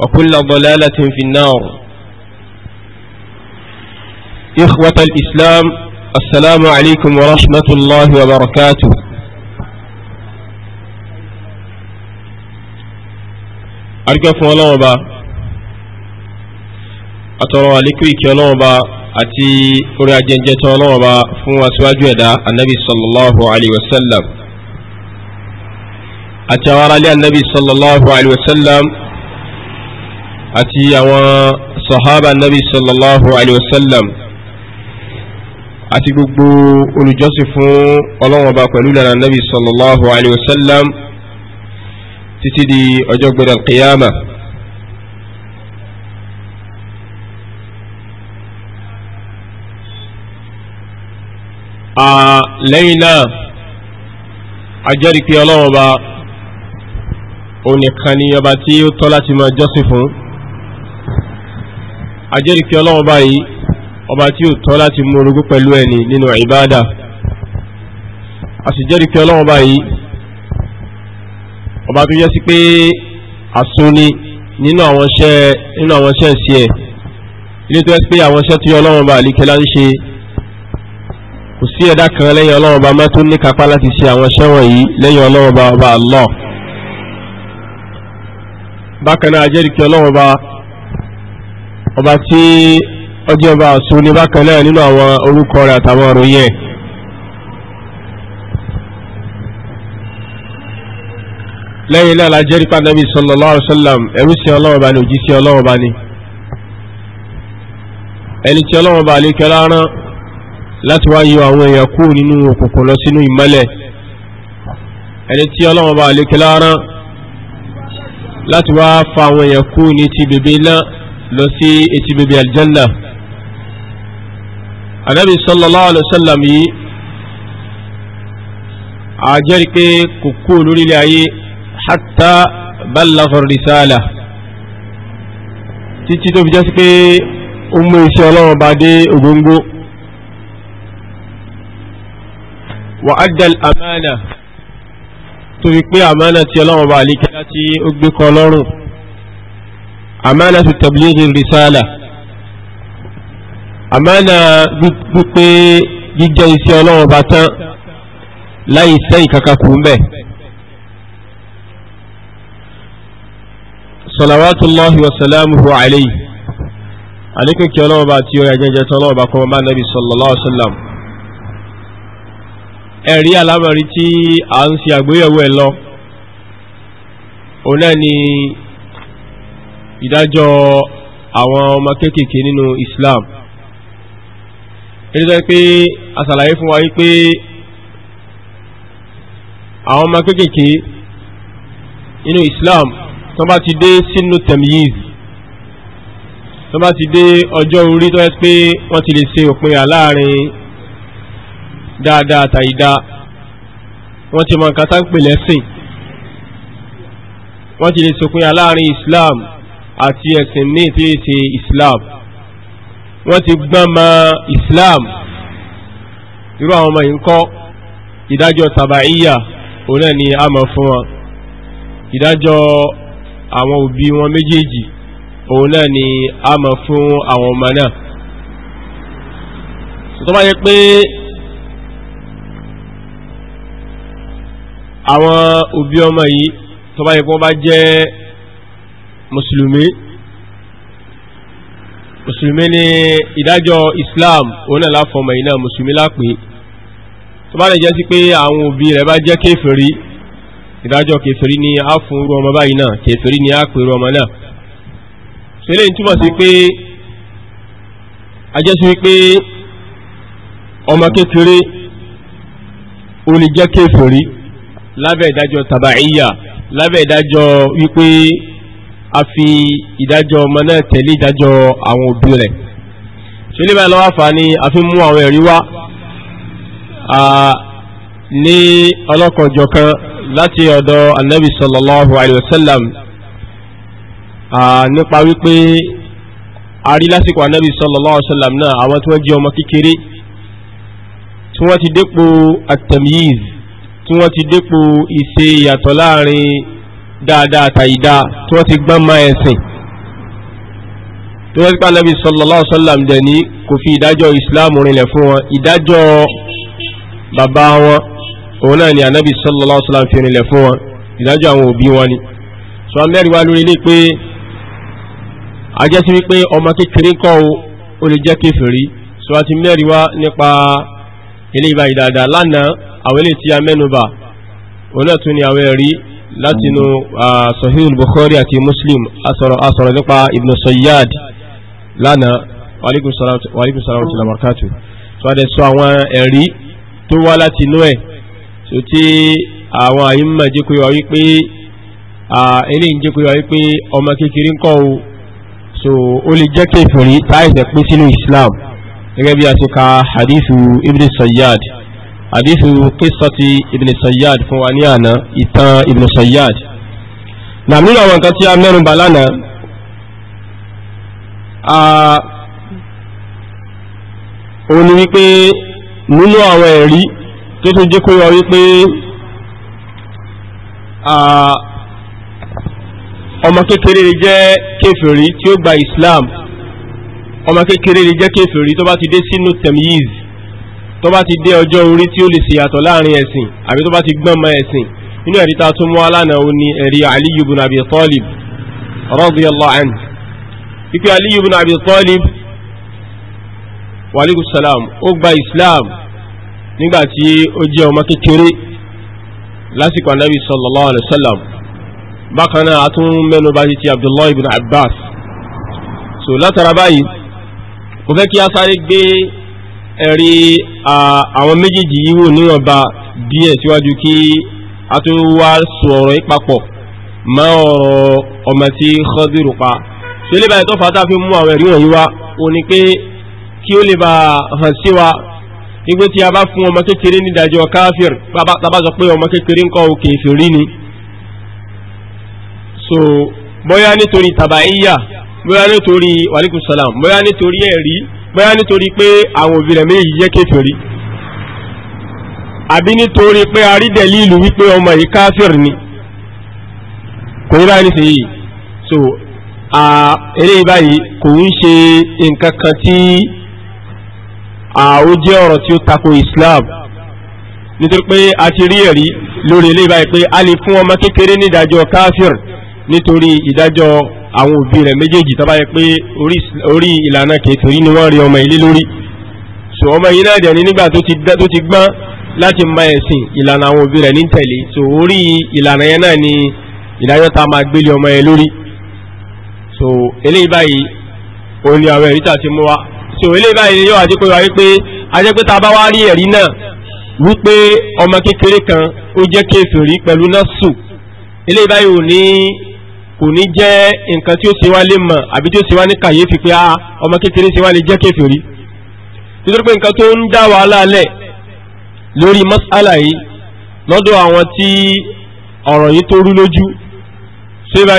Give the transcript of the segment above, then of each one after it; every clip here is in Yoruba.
وكل ضلالة في النار إخوة الإسلام السلام عليكم ورحمة الله وبركاته أرجوكم الله وبا أترى لكويك الله وبا أتي أرى جنجة الله وبا فهو أسواج النبي صلى الله عليه وسلم أتوارى لأن النبي صلى الله عليه وسلم àti àwọn sahaba nabi sallallahu alayhi wa sallam àti gbogbo olùjọ́sìn fún ọlọ́wọ́n ọba pẹ̀lú lànà nabi sallallahu alayhi wa sallam títí di ọjọ́ gbẹdẹ alqiyama. lẹ́yìn náà ajẹ́rìí pé ọlọ́wọ́n ọba onìkan ni ọba tí ó tọ́ láti máa jọ́sìn fún àjẹ́rìí pé ọlọ́run báyìí ọba tí ó tọ́ láti mú orogún pẹ̀lú ẹni nínú ìbáadà àṣìjẹ́rìí pé ọlọ́run báyìí ọba tó yẹ sí pé àsúnni nínú àwọn iṣẹ́ nínú àwọn iṣẹ́ sí ẹ̀ ilé tó yẹ sí pé àwọn iṣẹ́ tí ọlọ́run bá àlíkẹ́lá ń ṣe kò sí ẹ̀dá kan lẹ́yìn ọlọ́run bá mẹ́tún ní kápá láti ṣe àwọn iṣẹ́ wọ̀nyí lẹ́yìn ọlọ́run bá ọba Allah bákan náà àjẹ́rìí pé bá ọba tí ọjọ́ ọba ọ̀ṣun ní bákan náà nínú àwọn orúkọ rẹ̀ àtàwọn ọ̀rọ̀ yẹn lẹ́yìn náà la jẹ́rìí pa Ànábì sallallahu alaihi wasallam ẹrú sí ọlọ́wọ́ bá ní òjì sí ọlọ́wọ́ bá ní ẹni tí ọlọ́wọ́ bá lè kẹ́lá rán láti wá yọ àwọn èèyàn kú nínú òkùnkùn lọ sínú ìmọ́lẹ̀ ẹni tí ọlọ́wọ́ lè kẹ́lá rán láti wá fa àwọn èèyàn kú ní ti bèbè náà lọ sí etí bèbè aljanna anabi sallallahu alaihi wasallam yìí àjẹ́rì pé kò kú lórílẹ̀ ayé hatta ballaghar risala títí tó fi jásí pé ó mú iṣẹ́ ọlọ́run bá dé ògóngó wa adda amana tó fi pé àmánà tí ọlọ́run bá àlékẹ́ láti ó gbé kọ lọ́rùn àmánà tablighi risala àmánà wípé jíjẹ́ iṣẹ́ ọlọ́run ọba tán láì sẹ́yìn kankan kù ń bẹ̀. salawatullahi wa salamuhu alayhi àlékún kí ọlọ́run ọba tí ó yà jẹ́jẹ́ tán ọlọ́run ọba kọ́ ọba nàbì sallallahu alaihi wasallam. ẹ̀rí alámọ̀rí tí à ń ṣe àgbéyẹ̀wò ẹ̀ lọ òun náà ni ìdájọ́ àwọn ọmọ kéékèèké nínú Islam nítorí pé asàlàyé fún wa wípé àwọn ọmọ kéékèèké nínú Islam tó bá ti dé sínú tẹ̀míyìz tó bá ti dé ọjọ́ orí tó yẹ pé wọ́n ti lè ṣe òpin àláàrin dáadáa tàyídá wọ́n ti mọ nǹkan tá lẹ́sìn wọ́n ti lè ṣòpin àláàrin Islam àti ẹ̀sìn ní ìtìlẹ̀ islam wọ́n ti gbọ́n ma islam irú àwọn ọmọ ìkọ́ ìdájọ́ tàbàíyà òun náà ni a mọ̀ fún wọn ìdájọ́ àwọn òbí wọn méjèèjì òun náà ni a mọ̀ fún àwọn ọmọ náà tó bá yẹ pé àwọn òbí ọmọ yìí tó bá yẹ pé wọ́n bá jẹ́ mùsùlùmí mùsùlùmí ni ìdájọ́ islam òun náà láfọmọ iná mùsùlùmí lápè tó bá lè jẹ́ sí pé àwọn òbí rẹ̀ bá jẹ́ kéferì ìdájọ́ kéferì ní á fún irú ọmọ báyìí náà kéferì ní á pè irú ọmọ náà ṣẹlẹ̀ ń túmọ̀ sí pé ajẹ́sí wípé ọmọ kékeré ó lè jẹ́ kéferì lábẹ́ ìdájọ́ tàbáìyà lábẹ́ ìdájọ́ wípé a fi ìdájọ́ ọmọ náà tẹ̀lé ìdájọ́ àwọn òbí rẹ̀ ṣe lè báyìí lọ́wọ́ fà ní a fi mú àwọn ẹ̀rí wá ní ọlọ́kanjọ̀kan láti ọ̀dọ̀ anabi sallallahu alayhi wa sallam nípa wípé a rí lásìkò anabi sallallahu alayhi wa sallam náà àwọn tí wọ́n jẹ́ ọmọ kékeré tí wọ́n ti dépò at tí wọ́n ti dépò ìṣe ìyàtọ̀ láàrin dáadáa àtàyídá tí wọ́n ti gbọ́n máa ẹ̀sìn tí wọ́n ti pa Ànábì sallallahu alaihi wasallam dẹ̀ ní kò fi ìdájọ́ Islam rinlẹ̀ fún wọn ìdájọ́ bàbá wọn òun náà ni Ànábì sallallahu alaihi wasallam fi rinlẹ̀ fún wọn ìdájọ́ àwọn òbí wọn ni sọ amẹ́rin wa lórí ilé pé ajẹ́sí wípé ọmọ kékeré kọ́ ó lè jẹ́ kéfèrí sọ àti mẹ́rin wa nípa ilé ìbá ìdáadáa lánàá àwọn ilé tí a òun náà tún ni àwọn ẹ̀rí látinú sahih al-bukhari àti muslim asọ̀rọ̀ nípa ibn sayyad lánàá wàlíkùn sàrọ̀ tí lamarkatu tó a dẹ̀ sọ àwọn ẹ̀rí tó wá látinú ẹ̀ tó tí àwọn àyíma jẹ́kọ̀ọ́ wípé ilé ìjẹ́kọ̀ọ́ wípé ọmọ kékeré ń kọ́ so ó lè jẹ́ kéfèrí táìsẹ̀ pín sínú islam gẹ́gẹ́ bí a ti ka hadithu ibn sayyad hadithu qissati ibn sayyad fún wa ní àná ìtàn ibn sayyad na nínú àwọn nǹkan tí a mẹ́rin bà lánàá a òun ni wípé nínú àwọn ẹ̀rí tó tún jẹ́ kó yọ wípé ọmọ kékeré jẹ́ kèfèrí tí ó gba islam ọmọ kékeré jẹ́ kèfèrí tó bá ti dé sínú temyiz tó bá ti dé ọjọ́ orí tí ó lè ṣe yàtọ̀ láàrin ẹ̀sìn àbí tó bá ti gbọ́n mọ ẹ̀sìn nínú ẹ̀rí ta tún mú alánà ó ní ẹ̀rí aliyu bin abi talib radiyallahu anhu ipe aliyu bin abi talib wàlíkù salam ó gba islam nígbà tí ó jẹ́ ọmọ kékeré lásìkò anabi sallallahu alayhi wa sallam bákan náà a tún mẹ́nu bá ti ti abdullahi bin abbas so látara báyìí mo fẹ́ kí a sáré gbé ẹ̀rí àwọn méjèèjì yìí níwọ̀nba díẹ̀ síwájú kí a tó wá sọ̀rọ̀ ìpapọ̀ mọ́ ọ̀rọ̀ ọmọ tí Khadiru pa tí ó lè báyìí tó fàtà fi mú àwọn ẹ̀rí wọ̀nyí wá o ní pé kí ó lè bá hàn sí wa nígbé tí a bá fún ọmọ kékeré ní ìdájọ́ káfíìr bàbá sọ pé ọmọ kékeré ń kọ́ òkè ìfèrí ni so bóyá nítorí tàbáyíyà bóyá nítorí wàlíkùsálàm bóyá nítorí ẹ̀rí bóyá nítorí pé àwọn òbí rẹ̀ méjì jẹ́ kèfèrí àbí nítorí pé arídẹ̀lì ìlú wípé ọmọ yìí káfíìrì ni kò ní báyìí nísìnyí so eléyìí báyìí kò ń ṣe nǹkan kan tí ó jẹ́ ọ̀rọ̀ tí ó tako Islam nítorí pé a ti rí ẹ̀rí lórí eléyìí báyìí pé a lè fún ọmọ kékeré nídàájọ́ káfíìrì nítorí ìdájọ́ àwọn òbí rẹ̀ méjèèjì tó bá yẹ pé orí ìlànà kẹtìrí ni wọ́n rí ọmọ ilé lórí so ọmọ yìí náà dẹ̀ ni nígbà tó ti gbọ́n láti mọ ẹ̀sìn ìlànà àwọn òbí rẹ̀ ní tẹ̀lé so orí ìlànà yẹn náà ni ìdájọ́ ta máa gbélé ọmọ yẹn lórí so eléyìí báyìí ó ní àwọn ẹ̀rí tàti mú wa so eléyìí báyìí yóò àti pé wá wípé ajẹ́pẹ́ ta bá wá rí ẹ̀rí náà wípé ọmọ kékeré kan ó jẹ́ kéferì pẹ̀lú násù eléyìí báyìí ò ní kò ní jẹ́ nǹkan tí ó ṣe wá lé mọ̀ àbí tí ó ṣe wá ní kàyéfì pé a ah, ọmọ kékeré ṣe wá lè jẹ́ kèfèrí nítorí pé nǹkan tó ń dá wàhálà lẹ̀ lórí mas'ala yìí lọ́dọ̀ àwọn tí ọ̀rọ̀ yìí tó rú lójú ṣé bá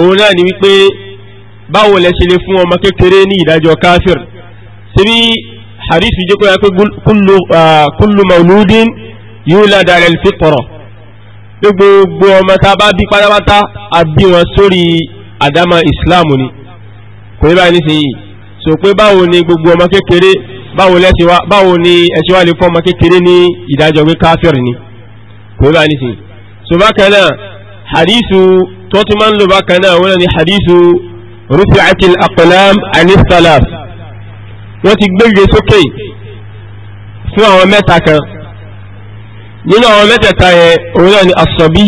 òun náà ni wípé báwo lẹ ṣe lè fún ọmọ kékeré ní ìdájọ́ káfíìr síbí hadith jẹ́ kó yà pé kullu ah, mauludin yulad ala al-fitra pé gbogbo ọmọ tá a bá bí pátápátá a bí wọn sórí àdámọ̀ ìsìláàmù ni kò ní báyìí nísìnyí sọ pé báwo ni gbogbo ọmọ kékeré báwo lẹ́sìn wa báwo ni ẹ̀sìn wa lè fọ́ ọmọ kékeré ní ìdájọ́ pé káfíọ̀rì ni kò ní báyìí nísìnyí sọ bákan náà hadithu tó ti máa ń lò bákan náà wọ́n ní hadithu rufi'atil aqlam anis salaf wọ́n ti gbége sókè fún àwọn mẹ́ta kan nínú àwọn mẹ́tẹ̀ẹ̀ta yẹn òun náà ni asọ̀bí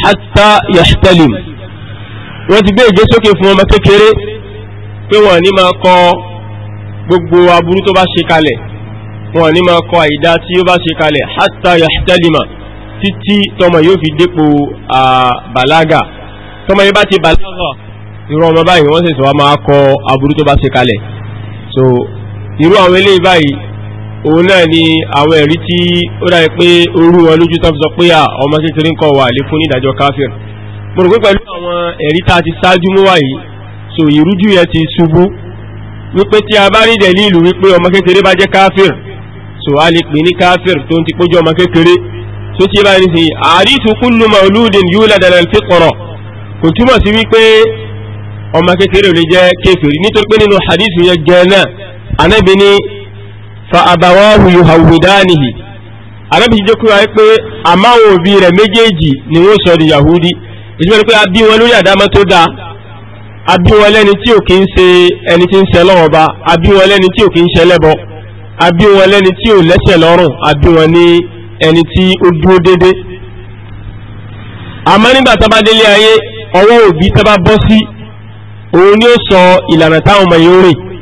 hatta yahtalim wọ́n ti gbé ìgbésókè fún ọmọ kékeré pé wọ́n ní máa kọ gbogbo aburú tó bá ṣe kalẹ̀ wọ́n ní máa kọ àìdá tí ó bá ṣe kalẹ̀ hatta yahtalima títí tọmọ yóò fi dépò bàlágà tọmọ yóò bá ti bàlágà irú ọmọ báyìí wọ́n sì sọ wá máa kọ aburú tó bá ṣe kalẹ̀ so irú àwọn eléyìí báyìí òun náà ni àwọn ẹ̀rí tí ó dáyé pé orú wọn lójú tó sọ pé ọmọ kékeré ń kọ wà lè fún nídàjọ́ káfíìn mo rò pé pẹ̀lú àwọn ẹ̀rí tá a ti ṣáájú mú wáyé so ìrújú yẹn ti ṣubú wípé tí a bá rí dẹ̀lí ìlú wípé ọmọ kékeré bá jẹ́ káfíìn so a lè pè ní káfíìn tó ń ti pójú ọmọ kékeré tó ti bá ní sìn àdìsù kullu mauludin yulad ala al-fitra kò túmọ̀ sí wípé ọmọ kékeré ò lè jẹ́ kéfìrí nítorí pé nínú hadith yẹn gẹ̀ náà fa àbáwáhù yuhawwidanihi arábì jẹ́ kúrò wáyé pé àmáwọn òbí rẹ̀ méjèèjì ni wọ́n sọ di yahudi ìtumọ̀ ni pé a bí wọn lórí àdámọ́ tó dáa Abi bí wọn lẹ́ni tí ò kí ń ṣe ẹni tí ń ṣe lọ́wọ́ bá a bí wọn lẹ́ni tí ò kí ń ṣe lẹ́bọ a bí wọn lẹ́ni tí ò lẹ́sẹ̀ lọ́rùn a wọn ní ẹni tí ó dúró dédé àmọ́ nígbà tá délé ayé ọwọ́ òbí tá bá sí òun ni ó sọ ìlànà táwọn ọmọ yìí ń rìn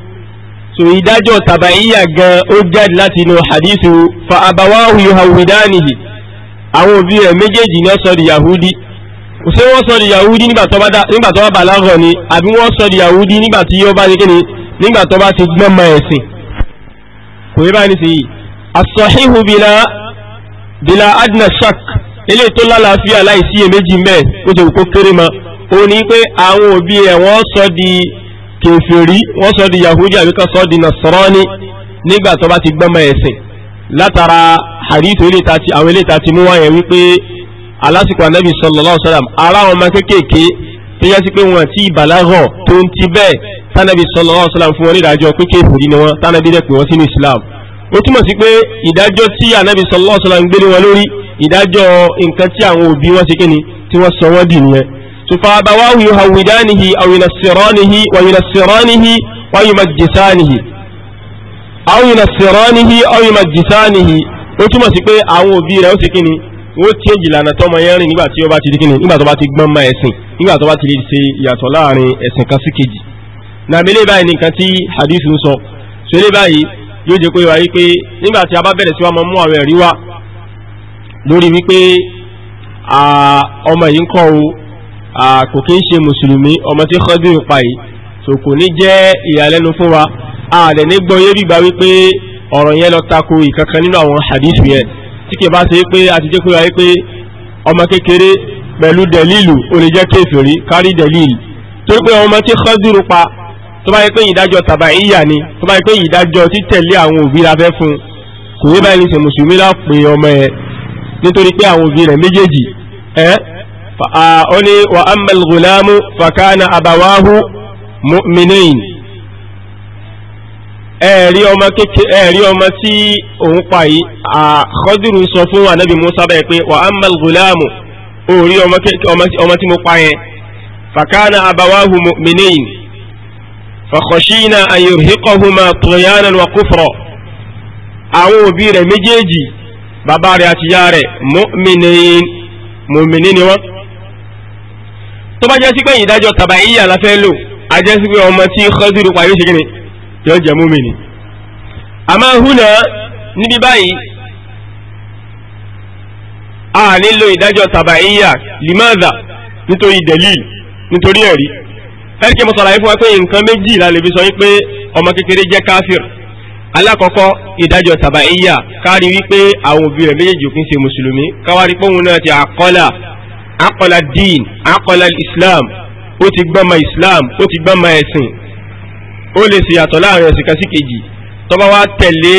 so ìdájọ́ tàbáyíyà gan ó jáde láti inú hadithu fa abawahu yuhawidanihi àwọn òbí rẹ̀ méjèèjì ní ọ̀sọ̀ di yahudi ṣé wọ́n sọ di yahudi nígbà tó bá bàlágọ̀ ni àbí wọ́n sọ di yahudi nígbà tí ó bá ṣe nígbà tó bá ti gbọ́n mọ ẹ̀sìn kò yẹ báyìí sí yìí as-sahihu adna shak ilé tó lálàáfíà láìsí èméjì mẹ́ẹ̀ ó jẹ́ òkú kéré mọ́ òun pé àwọn òbí ẹ̀ wọ́n sọ di kèfèrí wọ́n sọ di yahudi àbíkọ́ sọ di nasarani nígbà tó bá ti gbọ́mọ ẹ̀sìn látara hadith eléta ti àwọn eléta ti mú wáyé wípé alásìkò anabi sallallahu alaihi wasallam ara àwọn ọmọ kéékèèké tó yẹ sí pé wọn ti ìbàlágọ̀ tó ń ti bẹ́ẹ̀ tánàbí sallallahu alaihi fún wọn nídàájọ́ pé kèfèrí ni wọn tánàbí dẹ̀ pé wọ́n sínú islam ó túmọ̀ sí pé ìdájọ́ tí anabi sallallahu alaihi wasallam gbé ní wọn lórí ìdájọ́ nǹkan tí àwọn òbí wọn ṣe kíni tí wọ́n sọ wọ́n dì nìyẹn فأبواه يهودانه أو ينصرانه وينصرانه ويمجسانه أو ينصرانه أو يمجسانه ó túmọ̀ sí pé àwọn òbí rẹ̀ ó sì kíni wọ́n change ìlànà tọ́mọ yẹn rìn nígbà tí ó bá ti di kíni nígbà tó bá ti gbọ́n mọ́ ẹ̀sìn nígbà tó bá ti lè ṣe ìyàtọ̀ láàrin ẹ̀sìn kan sí kejì nàbí lè báyìí nìkan tí hadith ń sọ ṣe lè báyìí yóò jẹ́ pé wà yí pé nígbà tí a bá bẹ̀rẹ̀ sí wa máa mú àwọn ẹ̀rí wa lórí wípé ọmọ yìí ń kọ́ o kò kí ń ṣe mùsùlùmí ọmọ tí Khadir pa yìí so kò ní jẹ́ ìyàlẹ́nu fún wa ààrẹ ní gbọ́ yébi gba wípé ọ̀rọ̀ yẹn lọ tako ìkankan nínú àwọn hadith yẹn tí kì bá ṣe pé a ti jẹ́ pé wáyé pé ọmọ kékeré pẹ̀lú dẹ̀lílù ó lè jẹ́ kéfèrí kárí dẹ̀lílù torí pé ọmọ tí Khadir pa tó bá yẹ pé ìdájọ́ tàbá ìyà ni tó bá yẹ pé ìdájọ́ títẹ̀lé àwọn òbí la fẹ́ fún kò ní báyìí ní ṣe mùsùlùmí lápè ọmọ ẹ nítorí pé àwọn òbí rẹ̀ méjèèjì ẹ́ ó ní wa ammal ghulamu fakana abawahu mu'minain ẹ̀rí ọmọ kékeré ẹ̀rí ọmọ tí òun pa yìí àkọ́dúrú sọ fún ànábì Musa báyìí pé wa ammal ghulamu orí ọmọ tí mo pa yẹn fakana abawahu mu'minain fakhashina an yurhiqahuma tughyanan wa àwọn òbí rẹ̀ méjèèjì bàbá rẹ̀ àti ìyá rẹ̀ mu'minain ni wọ́n tó bá jẹ́ sí pé ìdájọ́ tàbáyíyà la fẹ́ lò a jẹ́ sí pé ọmọ tí Khadiru pa yóò ṣe kí ni yóò jẹ́ mùmínì àmọ́ húnà níbi báyìí a nílò ìdájọ́ tàbáyíyà limaza nítorí delil nítorí ẹ̀rí ẹ̀ríkẹ́ mo sọ̀rọ̀ yìí wa pé nǹkan méjì la lè fi sọ yín pé ọmọ kékeré jẹ́ káfíìr alákọ̀ọ́kọ́ ìdájọ́ tàbáyíyà kárí wípé àwọn òbí rẹ̀ méjèèjì òfin ṣe mùsùlùmí káwárí pé òun náà ti àkọ́là akọlà dín akọlà islam ó ti gbọ́mọ islam ó ti gbọ́mọ ẹ̀sìn ó lè ṣe yàtọ̀ láàrin ẹ̀sìn kan sí kejì tọ́ba wa tẹ̀lé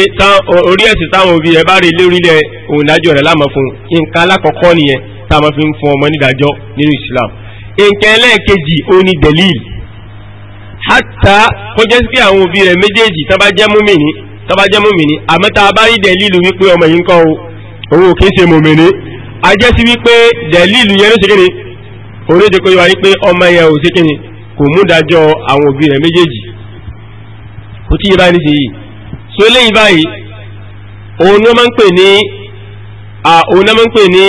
orí ẹ̀sìn táwọn òbí rẹ̀ bá rí lórílẹ̀ òun dájọ́ rẹ̀ láàmú fún nǹkan alákọ̀ọ́kọ́ nìyẹn tá a máa fi ń fún ọmọ nídàájọ́ nínú islam nǹkan ẹlẹ́ẹ̀kejì ó ní delil hátà kó jẹ́ sí àwọn òbí rẹ̀ méjèèjì tọ́ba jẹ́ múmìnì tọ́ba jẹ́ múmìnì àmọ́ tá a bá rí delil wípé ọmọ yìí ń kọ́ òun ò kí ń ṣe mòmìnì ajẹ́sí wípé dẹ̀lílù yẹn ló ṣe kéde oríṣi kó yíwa wípé ọmọ yẹn ò ṣe kéde kò mú dájọ́ àwọn òbí rẹ̀ méjèèjì kò tí yé báyìí níṣe yìí so léyìí báyìí òun ni wọ́n máa ń pè ní òun náà máa ń pè ní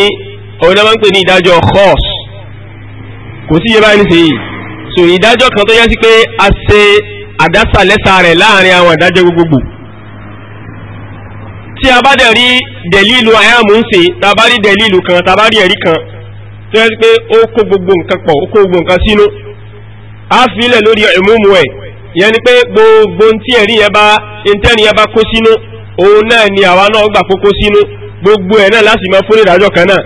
òun náà máa ń pè ní ìdájọ́ khos kò tí yé báyìí níṣe yìí so ìdájọ́ kan tó yẹ sí pé a ṣe àdásàlẹ́sà rẹ̀ láàrin àwọn ìdájọ́ gbogbogbò tí a bá dẹ̀ rí dẹ̀lílu àyàmù ń sè tá a bá rí dẹ̀lílu kan tá a bá rí ẹ̀rí kan tó yẹ pé ó kó gbogbo nǹkan pọ̀ ó kó gbogbo nǹkan sínú á filẹ̀ lórí ìmúmu ẹ̀ ìyẹn ni pé gbogbo ntí ẹ̀rí yẹn bá ntẹ́ni yẹn bá kó sínú òun náà ni àwa náà gbà kókó sínú gbogbo ẹ̀ náà láti máa fún ìdájọ́ kan náà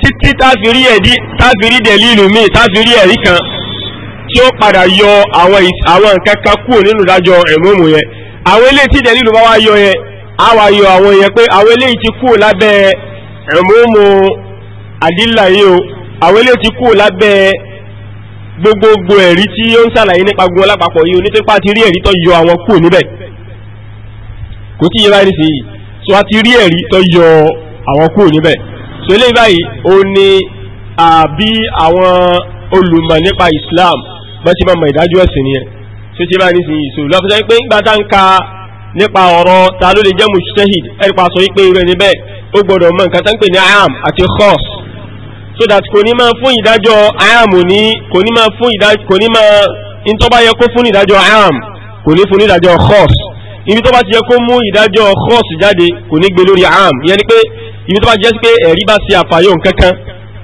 títí táfìrí ẹ̀dí táfìrí dẹ̀lílu míì táfìrí ẹ̀rí kan tí ó padà yọ àwọn nǹkan kan kúrò nínú ìdájọ́ ìmúmu yẹn àwọn eléyìí tí dẹ̀lílu bá wá yọ yẹn a wá yọ àwọn èèyàn pé àwọn eléyìí ti kú lábẹ́ ẹ̀mọ́mọ́ àdílà yìí o àwọn eléyìí ti kú lábẹ́ gbogbogbò ẹ̀rí tí ó ń ṣàlàyé nípa gbogbo lápapọ̀ yìí onítẹ́pá ti rí ẹ̀rí tó yọ àwọn kú níbẹ̀ kò tí yẹ báyìí nísìnyí so a ti rí ẹ̀rí tó yọ àwọn kú níbẹ̀ so eléyìí báyìí ó ní àbí àwọn olùmọ̀ nípa Islam bá ti máa mọ ìdájọ́ ẹ̀sìn nìyẹn so ti báyìí nísìnyí so lọ́fíìsì pé ń gbá tá ń ka nípa ọ̀rọ̀ ta ló lè jẹ́ mujtahid ẹ̀rípa sọ wípé irú ẹni bẹ́ẹ̀ ó gbọ́dọ̀ mọ nǹkan tó pè ní am àti khos so that kò ní máa fún ìdájọ́ am ní kò ní máa fún ìdájọ́ kò ní máa ní tó bá yẹ kó fún ìdájọ́ am kò ní fún ní ìdájọ́ khos ibi tó bá ti yẹ kó mú ìdájọ́ khos jáde kò ní gbé lórí am ìyẹn ni pé ibi tó bá ti jẹ́ pé ẹ̀rí bá ṣe àfàyọ kankan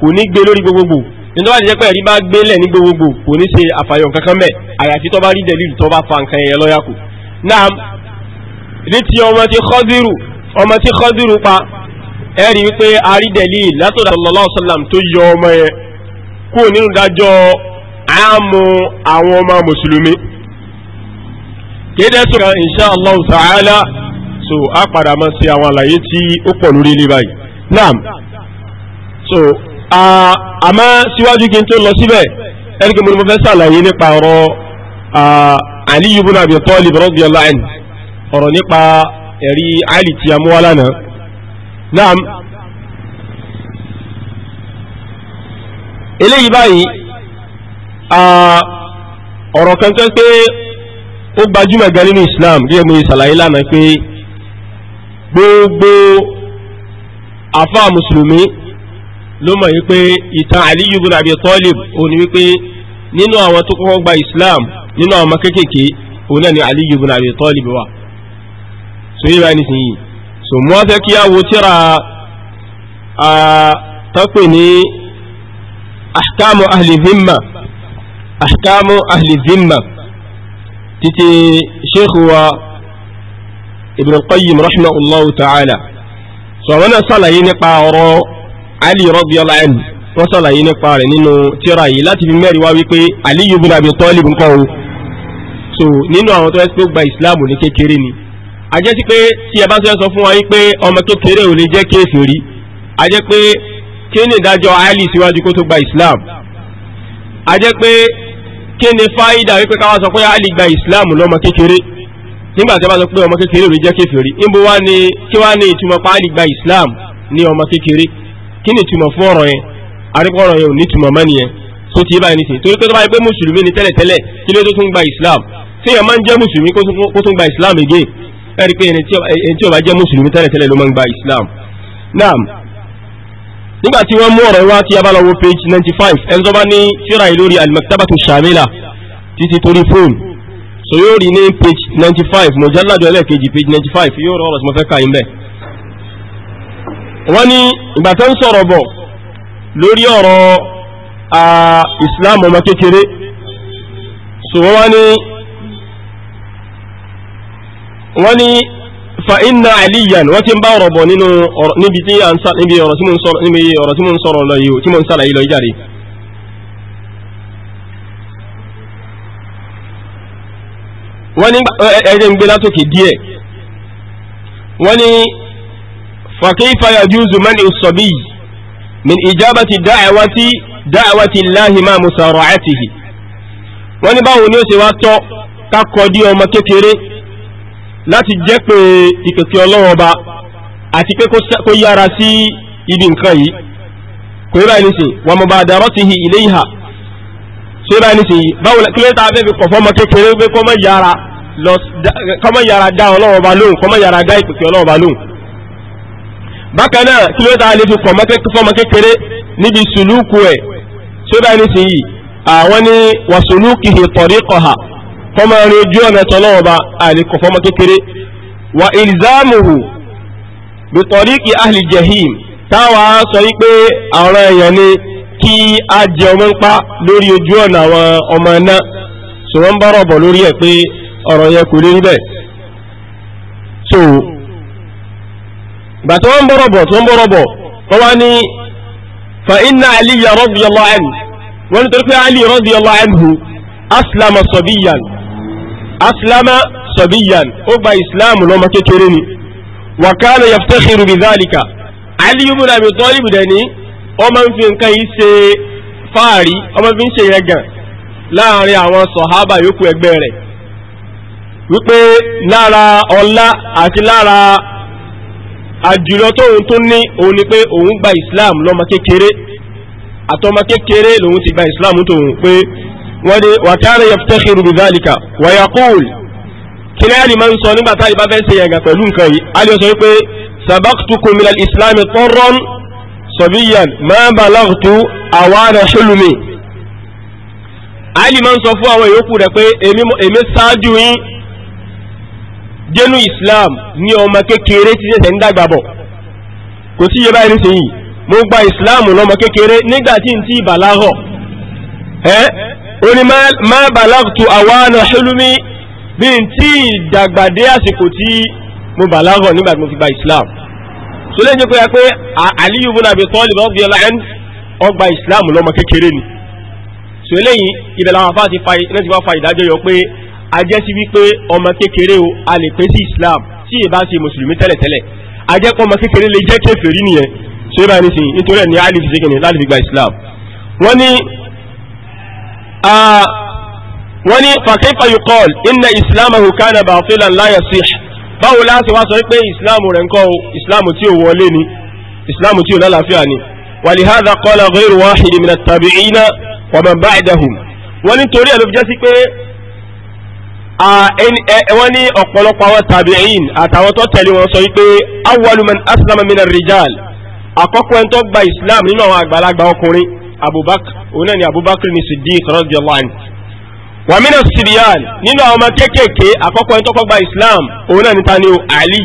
kò ní gbé lórí gbogbogbò ní tó bá ti jẹ́ pé ẹ̀rí bá gbélẹ̀ ní gbogbogbò kò ní ṣe àfàyọ kankan mẹ́ àyàfi tó bá rí dẹ̀lílù tó bá fa nǹkan ẹ̀yẹ lọ́yà kù. náà ní ti ọmọ tí Khadiru ọmọ tí Khadiru pa ẹ̀rí wípé àrídẹ̀lì látọ̀dà sallallahu alaihi wasallam tó yọ ọmọ yẹn kúrò nínú dájọ́ àmú àwọn ọmọ mùsùlùmí kéde sọ̀rọ̀ insha Allah ta'ala so a padà máa ṣe àwọn àlàyé tí ó pọ̀ lórí ilé báyìí naam so àmọ́ síwájú kí n tó lọ síbẹ̀ ẹ̀rí kí mo fẹ́ sàlàyé nípa ọ̀rọ̀ Ali ibn Abi Talib radiyallahu anhu ọ̀rọ̀ nípa ẹ̀rí àìlì tí a mú wá lánàá náà eléyìí báyìí ọ̀rọ̀ kankan pé ó gbajúmọ̀ gan nínú Islam gẹ́gẹ́ mú ìsàlàyé lánàá pé gbogbo àfá mùsùlùmí ló mọ̀ yí pé ìtàn Aliyu bin Abi òun ni wípé nínú àwọn tó kọ́kọ́ gba Islam nínú àwọn ọmọ kéékèèké òun náà ni Aliyu bin Abi wà so yíba ní sin yìí so mọ́ fẹ́ kí a wo tíra a tọ́pẹ̀ ní ahkamu ahli dhimma ahkamu ahli dhimma títí sheikh wa ibn qayyim rahimahullahu ta'ala so àwọn náà sàlàyé nípa ọ̀rọ̀ ali radiyallahu anhu wọ́n sàlàyé nípa rẹ̀ nínú tíra yìí láti fi mẹ́rin wá wípé ali ibn abi talib nǹkan o so nínú àwọn tó ẹ́ pé gba ìsìláàmù ní kékeré ni ajẹ́ sí pé tí ẹ bá sọ sọ fún wa pé ọmọ kékeré ò lè jẹ́ kéèsì rí ajẹ́ pé kí ni ìdájọ́ ali síwájú kó tó gba islam ajẹ́ pé kí ni fáyidà wípé káwá sọ pé ali gba islam lọ́mọ kékeré nígbà tí a bá sọ pé ọmọ kékeré ò lè jẹ́ kéèsì rí níbo wá ni kí wá ní ìtumọ̀ pa ali gba islam ní ọmọ kékeré kí ni ìtumọ̀ fún ọ̀rọ̀ yẹn àríkọ́ ọ̀rọ̀ yẹn ò ní ìtumọ̀ mọ́ nìyẹn tó ti báyìí nìsín torí pé tó bá ni tẹ́lẹ̀tẹ́lẹ̀ kí ló tó tún islam tí èèyàn máa ń jẹ́ mùsùlùmí kó islam again ẹ̀rí pé ẹni tí ó bá jẹ́ mùsùlùmí tẹ́lẹ̀tẹ́lẹ̀ ló máa ń gba islam naam nígbà tí wọ́n mú ọ̀rọ̀ wá tí a bá lọ wo page ninety five ẹni tó bá ní fíra ìlórí al-maktabatu shamila títí torí fóònù so yóò rí ní page ninety five mujalladu ẹlẹ́ẹ̀kejì page ninety five yóò rọrọ̀ tí mo fẹ́ kà yín bẹ́ẹ̀. wọ́n ní ìgbà tó ń sọ̀rọ̀ bọ̀ lórí ọ̀rọ̀ islam ọmọ kékeré so wọ́n wá ní wọ́n ní fa inna aliyan wọ́n ti ń bá ọ̀rọ̀ bọ̀ nínú níbi tí a ń sá níbi ọ̀rọ̀ tí mo ń sọ̀rọ̀ níbi ọ̀rọ̀ tí mo ń sọ̀rọ̀ lọ yìí tí mo ń sàlàyé lọ jáde. wọ́n ní ẹ̀ẹ́dẹ̀ ń gbé látòkè díẹ̀ wọ́n ní fa kayfa yajuzu man as-sabiy min ijabati da'wati da'wati Allahi ma musara'atihi wọ́n ní báwo ni ó ṣe wá tọ́ ká kọ́ di ọmọ kékeré láti jẹ́ pé ìkẹ̀kẹ́ ọlọ́run ọba àti pé kó yára sí ibi nǹkan yìí kò yíra ẹni sìn wà mọ̀ bá dàrọ́ sí ilé ìhà ṣé yíra ẹni sìn yìí báwo kí ló ta fẹ́ fi kọ̀ fọ́mọ kékeré pé kọ́mọ yára lọ kọ́mọ yára dá ọlọ́run ọba lóhùn kọ́mọ yára dá ìkẹ̀kẹ́ ọlọ́run ọba lóhùn bákan náà kí ló ta lè fi kọ̀ fọ́mọ kékeré níbi sùlúkù ẹ̀ ṣé yíra ẹni sìn yìí àwọn ni wàsùlúkì ha kọ́ máa rin ojú ọ̀nà tọ́lọ́wọ́ bá àlekọ̀ fọ́mọ kékeré wa ilzamuhu bi tariqi ahli jahim táwa sọ wípé àwọn èèyàn ni kí a jẹ ọmọ ń pa lórí ojú ọ̀nà àwọn ọmọ náà so wọ́n ń bá rọ̀bọ̀ lórí ẹ̀ pé ọ̀rọ̀ yẹn kò lè rí bẹ́ẹ̀ gbà tí wọ́n ń bá rọ̀bọ̀ tí wọ́n ń bá rọ̀bọ̀ wọ́n wá ní fa inna aliya wọ́n ní torí pé ali radiyallahu anhu aslama aslama sabiyan ó gba islam lọ́mọ kékeré ni wa kana yaftakhiru bi dhalika ali ibn abi talib dani ó máa ń fi nǹkan yìí ṣe fáàrí ó máa fi ń ṣe yẹn gan láàrin àwọn sọ̀hábà yòókù ẹgbẹ́ rẹ̀ wípé lára ọlá àti lára àjùlọ tóun tó ní ni pé òun gba islam lọ́mọ kékeré àtọmọ kékeré lòun ti gba islam tóun pé wọ́n ní wa kana yaftakhiru bi dhalika wa yaqul kí náà ni máa ń sọ nígbà tá ìbá fẹ́ ṣe yàgà pẹ̀lú nǹkan yìí a lè sọ wípé sabaqtukum min al-islam tarran sabiyan ma balaghtu awana hulmi a ń sọ fún àwọn yòókù rẹ̀ pé èmi ṣáájú yín dénú islam ní ọmọ kékeré tí ṣẹ̀ṣẹ̀ ń dàgbà bọ̀ kò sí iye báyìí ó ma má bàlágùtù àwánà ṣúlùmí bí n tí ìdàgbàdé àsìkò tí mo bàlágọ̀ nígbà tí mo fi gba islam tó lè jẹ́ pé pé Aliyu ibn Abi Talib radiyallahu anhu ọgbà islam lọ́mọ kékeré ni tó eléyìí ibẹ̀ làwọn afá ti fa ìdájọ́ yọ pé a jẹ́ sí wípé ọmọ kékeré o a lè pè sí islam tí ìbá ṣe mùsùlùmí tẹ́lẹ̀tẹ́lẹ̀ a jẹ́ pé ọmọ kékeré lè jẹ́ kèfèrí nìyẹn tó yẹ báyìí nítorí ẹ̀ ní alif ṣe kìnnì láti fi gba islam wọ́n ní Ah, wọ́n ní fàkẹ́fà yóò kọ́ọ̀l inna islamahu kana batilan la yasih báwo láti wá sọ pé ìsìláàmù rẹ̀ ń kọ́ ìsìláàmù tí ò wọlé ni ìsìláàmù tí ò lálàáfíà ni walihadha qala ghayru wahidin min at-tabi'ina wa man ba'dahum wọ́n ní torí ẹ̀ ló fi jẹ́ sí pé wọ́n ní ọ̀pọ̀lọpọ̀ àwọn tabi'in àtàwọn tó tẹ̀lé wọn sọ wípé awwalu man aslama rijal àkọ́kọ́ ẹni tó gba islam nínú àwọn àgbàlagbà ọkùnrin abubakar òun náà ni Abubakar ni Siddiq radiyallahu anhu wa mina siriyan nínú àwọn ọmọ kéékèèké àkọ́kọ́ ẹni tọ́kọ́ gba Islam òun náà ni ta ni Ali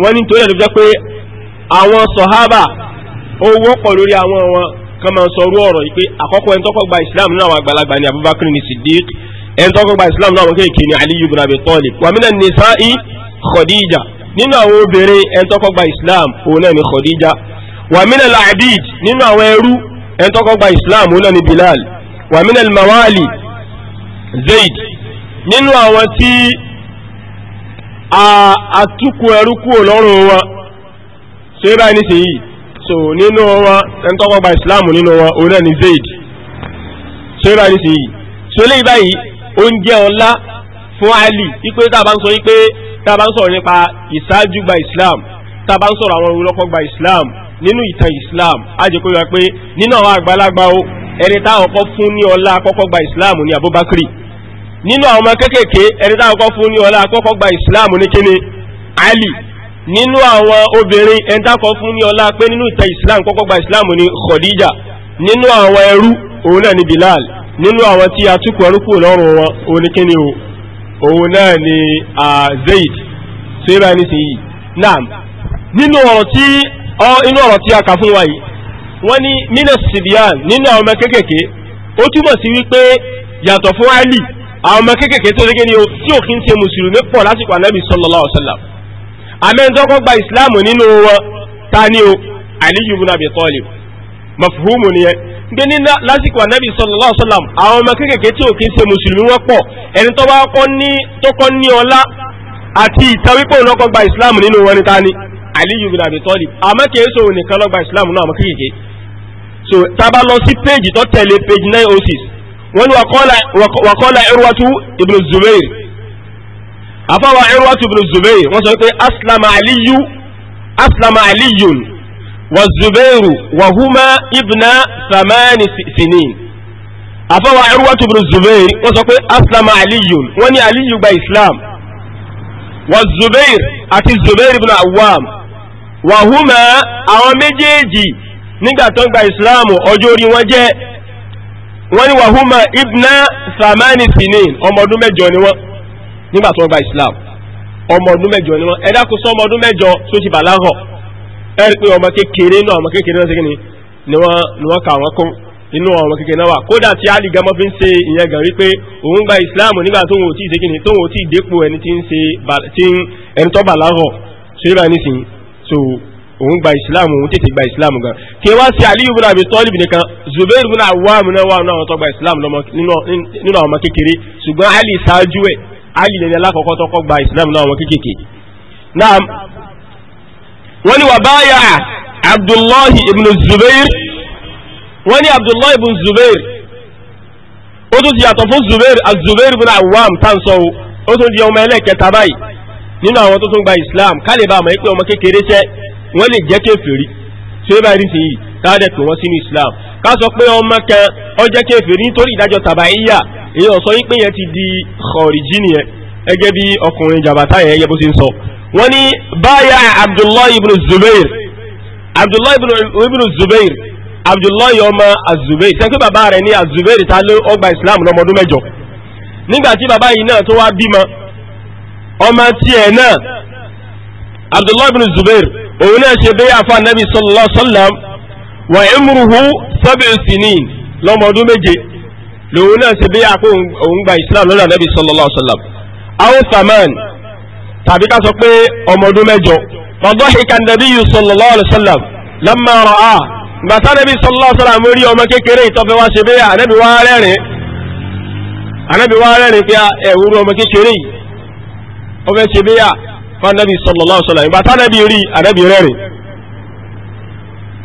wọ́n ní torí ẹ̀dọ́ jẹ́ pé àwọn sọ̀hábà ó wọ́pọ̀ lórí àwọn wọn kan máa ń sọ orú ọ̀rọ̀ yìí pé àkọ́kọ́ ẹni tọ́kọ́ gba Islam nínú àwọn àgbàlagbà ni Abubakar ni Siddiq ẹni tọ́kọ́ gba Islam nínú àwọn kéékèèké ni Ali ibn Abi Talib wa mina nisa'i Khadija nínú àwọn obìnrin ẹni tọ́kọ́ gba Islam òun náà ni Khadija wa mina al-abid nínú àwọn ẹrú ẹni tó kọ́kọ́ gba islam ó náà ni bilal wa min al-mawali zaid nínú àwọn tí àtúkù ẹrú kúrò lọ́rùn wọn so yíba ní sí yìí so nínú wọn ẹni tó kọ́kọ́ gba islam nínú wọn ó náà zaid so yíba ní sí yìí so lè báyìí oúnjẹ ọlá fún ali wípé tá ń sọ wípé tá ń sọ̀rọ̀ nípa ìsáájú gba islam tá ń sọ̀rọ̀ àwọn olùlọ́kọ̀ gba islam nínú ìtàn islam a jẹ́ kó yọ pé nínú àwọn àgbàlagbà o ẹni táwọn kọ́ fún ní ọlá àkọ́kọ́ gba islam ní abubakari nínú àwọn ọmọ kéékèèké ẹni táwọn kọ́ fún ní ọlá àkọ́kọ́ gba islam ní kíni ali nínú àwọn obìnrin ẹni táwọn kọ́ fún ní ọlá pé nínú ìtàn islam kọ́kọ́ gba islam ní khadija nínú àwọn ẹrú òun náà ni bilal nínú àwọn tí a túkọ̀ ẹrú kúrò lọ́rùn wọn òun ní kíni o òun náà ni ah, zayd sèbánisìn yìí naam nínú ọ̀rọ̀ tí ọ inú ọ̀rọ̀ tí a kà fún wa yìí wọ́n ní mina sibian nínú àwọn ọmọ kéékèèké ó túmọ̀ sí wípé yàtọ̀ fún ali àwọn ọmọ kéékèèké tó lé kéde tí ò kí ń ṣe mùsùlùmí pọ̀ lásìkò anabi sallallahu alaihi wasallam amẹ́ńtọ́kọ́ gba ìsìláàmù nínú wọn ta ni o aliyu bin abi talib mafhumu nìyẹn gbé ní lásìkò anabi sallallahu alaihi wasallam àwọn ọmọ kéékèèké tí ò kí ń ṣe mùsùlùmí wọn pọ̀ ẹni tó bá kọ́ ní ọlá àti ìtawípò náà kọ́ gba ìsìláàmù nínú wọn ni ta ni aliyu bin abi talib àmọ́ kìí so nìkan ló gba islam náà àmọ́ kékeré so tábà lọ sí péjì tó tẹ̀lé péjì nine oh six wọ́n ní wàkọ́lá irwatu ibn zubair àfọwọ́ irwatu ibn zubair wọ́n sọ pé aslama aliyu aslama aliyun wa zubairu wa huma ibna samani sinin àfọwọ́ irwatu ibn zubair wọ́n sọ pé aslama aliyun wọ́n ní aliyu gba islam wa zubair àti zubair ibn awam wàhúmà àwọn méjèèjì nígbà tó ń gba ìsìláàmù ọjọ́ orí wọn jẹ́ wọ́n ní wàhúmà ibna samani sinin ọmọdún mẹ́jọ ni wọ́n nígbà tó ń gba ìsìláàmù ọmọdún mẹ́jọ ni wọ́n ẹ dákun sọ ọmọdún mẹ́jọ tó ti bàlágọ̀ ẹ pé ọmọ kékeré náà ọmọ kékeré náà ṣe ni wọ́n kà wọ́n kún inú ọmọ kékeré náà wà kódà tí ali gamọ fi ń ṣe ìyẹn gan wípé òun gba ìsìláàmù nígbà tóun ò tí ì ṣe kíni tóun ò tí ì dépò ẹni tí ń ṣe ẹni tó bàlágọ̀ ṣe é bá nísìnyí so òun gba islam òun tètè gba islam gan kí wá sí aliyu bin abi tọ́lìbì nìkan zubair bin awam náà wà náà tó gba islam nínú àwọn ọmọ kékeré ṣùgbọ́n ali ṣáájú ẹ̀ ali lẹ́ni alákọ̀ọ́kọ́ tó kọ́ gba islam náà ọmọ kékeré náà wọ́n ní wà báyà abdullahi ibn zubair wọ́n ní abdullahi ibn zubair ó tún ti yàtọ̀ fún zubair azubair bin awam tá à ń sọ ó tún di ọmọ ẹlẹ́kẹta báyìí nínú àwọn tó tún gba islam kálẹ̀ bá àmọ́ pé ọmọ kékeré tẹ́ wọ́n lè jẹ́ kèfèrí tí ó bá rí sìn yìí táàdẹ̀ pé wọ́n sínú islam ká sọ pé ọmọ kan ó jẹ́ kèfèrí nítorí ìdájọ́ tàbáyíyà èyí ọ̀sọ́ yín pé yẹn ti di kọ̀ọ̀rìjì nìyẹn gẹ́gẹ́ bí ọkùnrin jàbátá yẹn gẹ́gẹ́ bó ṣe ń sọ. wọ́n ní báyà abdullahi ibn zubair abdullahi ibn zubair abdullahi ọmọ azubair sẹ́ńpé bàbá rẹ̀ ní azubair ta ló ọgbà islam lọ́mọdún mẹ́jọ nígbà tí bàbá yìí náà tó wá bímọ ọmọ tiẹ̀ náà abdullahi bin zubair òun náà ṣe bẹ́yà fún anabi sallallahu alaihi wasallam wà imruhu sab'u sinin lọ́mọ ọdún méje lòun náà ṣe bẹ́yà fún òun gba islam lọ́dọ̀ anabi sallallahu alaihi wasallam aw thaman tàbí ká sọ pé ọmọ ọdún mẹ́jọ fadhahika an-nabiyyu sallallahu alaihi wasallam lamma ra'a gbàtà anabi sallallahu alaihi wasallam rí ọmọ kékeré ìtọ́fẹ́ wá ṣe bẹ́yà anabi wá rẹ́rìn anabi wá rẹ́rìn pé ẹ̀wúrú ọmọ kékeré yìí ó fẹ́ ṣe béyà fanabi sallallahu alaihi wasallam ìgbà tánabi rí ànábi rẹ́rìn.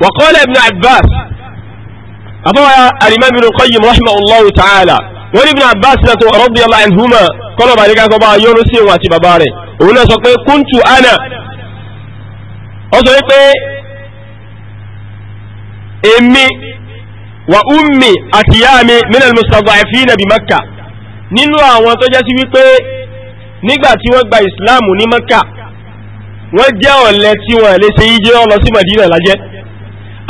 wa qala ibn abbas àbáwá al-imam ibn qayyim rahimahullahu ta'ala wọ́n ní ibn abbas náà tó radiyallahu anhuma kọ́lọ̀ bàdé ká kọ́ bá yọ́nu sí ìwọ̀n àti bàbá rẹ̀ òun náà sọ pé kuntu ana ó sọ pé èmi wa ummi àti yá mi minal mustada'ifina bi makkah nínú àwọn tó jẹ́ sí wípé nígbà tí wọ́n gba ìsìláàmù ní Mẹ́kà wọ́n jẹ́ ọ̀lẹ tí wọ́n lè ṣe yíjẹ́ wọn lọ sí Madina lájẹ́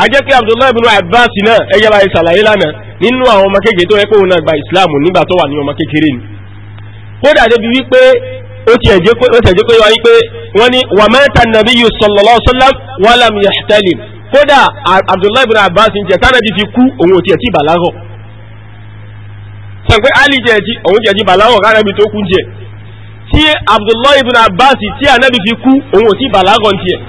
ajẹ́ pé Abdullahi ibn Abbas náà ẹ̀yẹ́ bá ìsàlàyé lánàá nínú àwọn ọmọ kékeré tó yẹ kóun náà gba ìsìláàmù nígbà tó wà ní ọmọ kékeré ni kódà débi wípé ó ti ẹ̀jẹ́ pé wá wípé wọ́n ní sallallahu alaihi wasallam wa lam yahtalim kódà Abdullahi ibn Abbas ń jẹ́ tánàbí fi kú pé Ali jẹ́ ẹ̀jí òun jẹ́ ẹ̀jí bàlágọ̀ kánàbí tó tí abdullahi ibn abbas tí anabi fi kú òun ò tí balagọ̀ tiẹ̀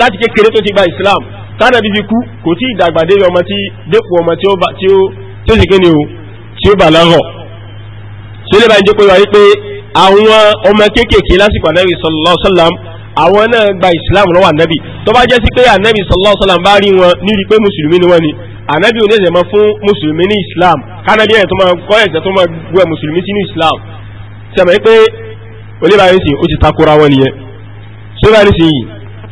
láti kékeré tó ti gba islam tánàbí fi kú kò tí ìdàgbàdé ọmọ tí dépò ọmọ tí ó tí ó sì kéde o tí ó balagọ̀ tí ó lè bá ń jẹ́ pé wáyé pé àwọn ọmọ kéékèèké lásìkò anabi sallallahu alaihi wasallam àwọn náà gba islam lọ́wọ́ anabi tó bá jẹ́ sí pé anabi sallallahu alaihi wasallam bá rí wọn níbi pé mùsùlùmí ni wọ́n ni anabi ò ní ẹ̀sẹ̀ mọ́ fún mùsùlùmí ní islam kánábíyà tó máa kọ́ ẹ̀sẹ̀ tó máa gbọ́ mùsùlùmí sínú islam sẹ́mi pé oníbàá yìí sì ó ti takora wọn nìyẹn so báyìí sì yìí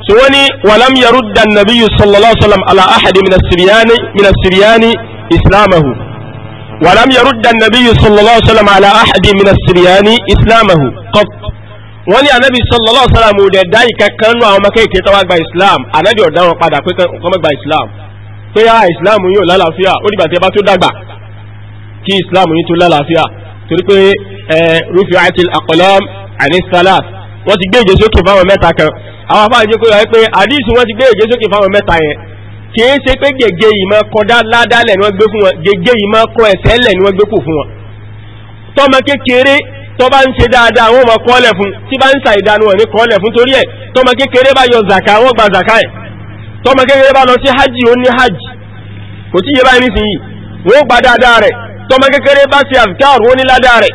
so wọ́n ní wàlám yarudda nabiyyu sallallahu alayhi wa sallam ala ahadi minasiriyani minasiriyani islamahu wàlám yarudda nabiyyu sallallahu alayhi wa sallam ala ahadi minasiriyani islamahu qat wọ́n ní anabi sallallahu alayhi wa sallam ò dẹ̀ dá ìkankan nù àwọn ọmọ kéèké tó wá gba islam anabi ò dá wọn padà pé kọ́mọ gba islam pé á ah, islam yóò lálàáfíà ó dìgbà tí bá tó dàgbà kí islam yóò tó lálàáfíà torí pé rufi atil akọlọm anisala wọ́n ti gbé ìgbé sókè fáwọn mẹ́ta kan àwọn afáàní jẹ́ kó yọ pé àdìsí wọ́n ti gbé ìgbé sókè fáwọn mẹ́ta yẹn kìí ṣe pé gègé ìmọ̀ kọdá ládàlẹ̀ ni wọ́n gbé fún wọn gègé ìmọ̀ kọ ẹ̀sẹ̀ lẹ̀ ni wọ́n gbé kù fún wọn tọ́mọ kékeré tó bá ń ṣe dáadáa wọn mọ̀ kọ́ọ̀lẹ̀ fún tí bá ń sa ìdánù wọn ní kọ́ọ̀lẹ̀ fún torí ẹ̀ tọ́mọ kékeré bá yọ zàkà wọn gba zàkà ẹ̀ tọ́mọ kékeré bá lọ sí hajj ó ní hajj kò tí yé báyìí nísìnyí wọn ó gba dáadáa rẹ̀ tọmọ kékeré bá ṣe àfikàr wọn ní ládàá rẹ̀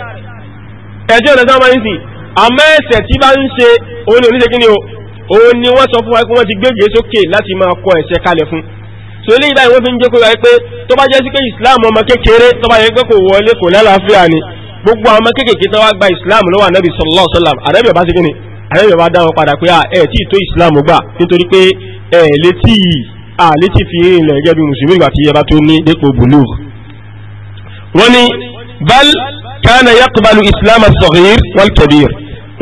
ẹjọ́ ìrẹsà máa ń sìn àmọ́ ẹ̀ṣẹ̀ tí bá ń ṣe òun ní oníṣe kíni o ni wọ́n sọ fún wa pé wọ́n ti gbégbé sókè láti máa kọ ẹ̀ṣẹ̀ kalẹ̀ fún so eléyìí báyìí wọ́n fi ń jẹ́ kó wáyé pé tó bá jẹ́ sí pé Islam ọmọ kékeré tó bá yẹ pé kò wọlé kò lálàáfíà ni gbogbo àwọn kékèké tó wá gba Islam lọ́wọ́ anábì sallallahu alaihi wasallam anábì ọba sí kíni anábì ọba dáwọn padà ah, Islam gbà nítorí pé ẹ létí àlétí fi rìn lẹ̀ gẹ́gẹ́ bí mùsùlùmí ìgbà tí ẹ bá tó wọ́n ní bal kana yaqbalu islam as-saghir wal kabir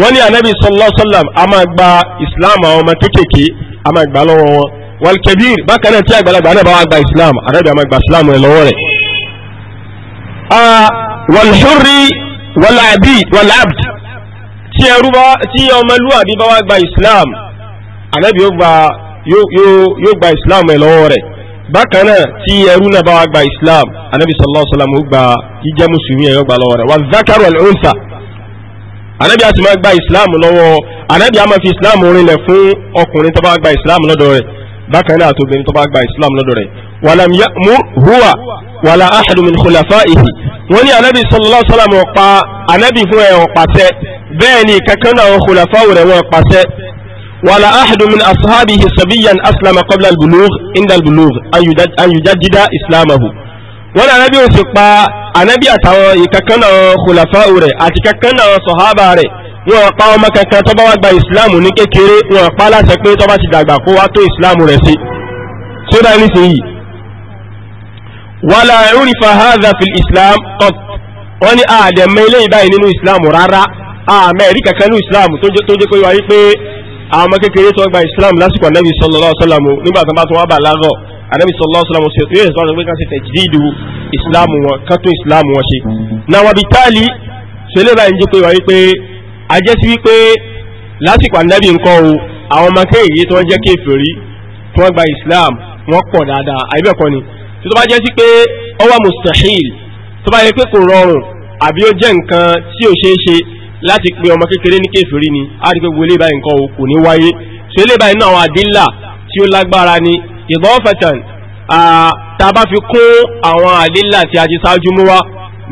wọ́n ní anabi sallallahu alayhi wa sallam a máa gba islam àwọn ọmọ kékèké a máa gbà lọ́wọ́ wọn wal kabir bákan náà tí àgbàlagbà náà bá wà gba islam anabi a máa gba islam rẹ̀ lọ́wọ́ rẹ̀. wal hurri wal abdi wal abd tí ẹrú bá tí ọmọlúwàbí bá wà gba islam anabi yóò gba islam rẹ̀ lọ́wọ́ rẹ̀ bákan náà tí ẹrú náà bá wà gba islam anabi sallallahu alayhi wa sallam ó gba jíjẹ́ mùsùlùmí ẹ̀yọ́ gba lọ́wọ́ rẹ̀ wà zakaru al-unsa anabi a ti máa gba islam lọ́wọ́ anabi a máa fi islam rinlẹ̀ fún ọkùnrin tó bá gba islam lọ́dọ̀ rẹ̀ bákan náà àti tó bá gba islam lọ́dọ̀ rẹ̀ wàlám ya'mur huwa wàlá ahadu min khulafaihi wọ́n ní anabi sallallahu alayhi wa sallam ó anabi fún ẹ̀ ó bẹ́ẹ̀ ni kankan náà khulafa rẹ̀ wọ́n pàṣẹ ولا أحد من أصحابه صبيا أسلم قبل البلوغ عند البلوغ أن يجدد إسلامه wọ́n náà anábí òsì pa anábí àtàwọn ìkankan náà khulafa'u rẹ̀ àti kankan náà sọ̀hábà rẹ̀ wọ́n pa ọmọ kankan tó bá wá gba ìsìláàmù ní kékeré wọ́n pa láṣẹ pé tó bá ti dàgbà kó wá tó ìsìláàmù rẹ̀ sí sódà nísìnyí. wala urifa hadha fil islam qat wọ́n ní àdẹ̀mẹ́ ilé ìbáyìí nínú ìsìláàmù rárá àmẹ́ ẹ̀rí kankan nínú ìsìláàmù tó jẹ́ pé wáyé pé àwọn ọmọ kékeré tó gba islam lásìkò anabi sallallahu alaihi wasallam nígbà tó bá tún wá bà lágọ̀ anabi sallallahu alaihi wasallam ṣe tó yẹ sọ́dọ̀ pé ká ṣe tajdidu islam wọn ká islam wọn ṣe. na wàbí táàlì ṣẹlẹ̀ báyìí ń jẹ́ pé wà wípé ajẹ́sí wípé lásìkò anabi ńkọ́ o àwọn ọmọ kéèyé tó jẹ́ kéferì tó gba islam wọn pọ̀ dáadáa àìbẹ̀kọ ni tó bá jẹ́ mustahil tó bá yẹ pé kò rọrùn láti pe ọmọ kékeré ní kéfèrí ni a rí gbogbo ilé báyìí nǹkan kò ní wáyé so ilé báyìí náà àwọn àdílà tí ó lágbára ni ìbọ́fẹ̀tàn tá a bá fi kún àwọn àdílà tí a ti ṣáájú mú wá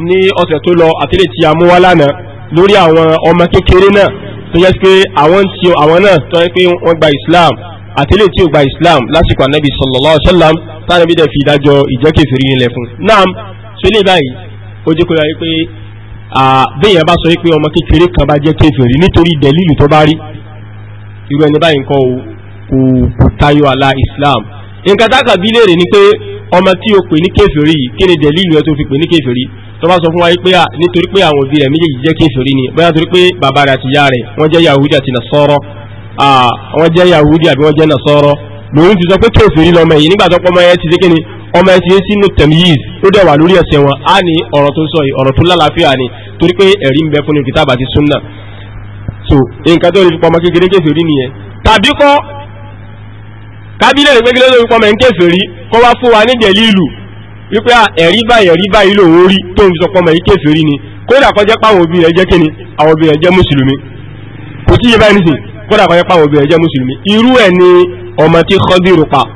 ní ọ̀sẹ̀ tó lọ àtìlẹ̀ tí a mú wá lánàá lórí àwọn ọmọ kékeré náà tó yẹ pé àwọn tí àwọn náà tó yẹ pé wọ́n gba Islam àtìlẹ̀ tí ò gba Islam lásìkò ànábì sallallahu alaihi wasallam tánàbí dẹ̀ fi ìdájọ́ ìjẹ́kèfèrí nílẹ̀ fún náà so ilé báyìí béèyàn bá sọ pé ọmọ kékeré kan bá jẹ́ kèfèrí nítorí dẹ̀lílù tó bá rí irú ẹni báyìí nǹkan kò kò tayọ àlà Islam nǹkan táàkà bí léèrè ni pé ọmọ tí o pè ní kèfèrí kí ni dẹ̀lílù ẹ tó fi pè ní kèfèrí tó bá sọ fún wa pé à nítorí pé àwọn òbí rẹ̀ méjèèjì jẹ́ kèfèrí ni bóyá torí pé bàbá rẹ̀ àti ìyá rẹ̀ wọ́n jẹ́ Yahudi àti Nasara wọ́n jẹ́ Yahudi àbí wọ́n jẹ́ Nasara lòun ti sọ pé kèfèrí lọmọ yìí nígbà tó pọ́ mọ́ ẹ ti ṣe kí ọmọ ẹ̀sìn sínú tẹ̀míyìí ó dẹ̀ wà lórí ẹ̀sẹ̀ wọn á ní ọ̀rọ̀ tó sọ yìí ọ̀rọ̀ tó lálàáfíà ni torí pé ẹ̀rí ń bẹ fún ní kìtàbà àti súnà so nǹkan tó lè fi pamọ́ kékeré kèfèrí nìyẹn tàbí kọ́ kábílẹ̀ rẹ̀ gbẹ́gbẹ́ lórí pamọ́ ń kèfèrí kọ́ wá fún wa ní dẹ̀lílù wípé ẹ̀rí báyìí ẹ̀rí báyìí lòun rí tó ń sọ pamọ́ yìí kèfèrí ni kódà kọ́ jẹ́ páwọn òbí rẹ̀ jẹ́ kíni àwọn òbí rẹ̀ jẹ́ mùsùlùmí kò tíye báyìí nìsín kódà kọ́ jẹ́ páwọn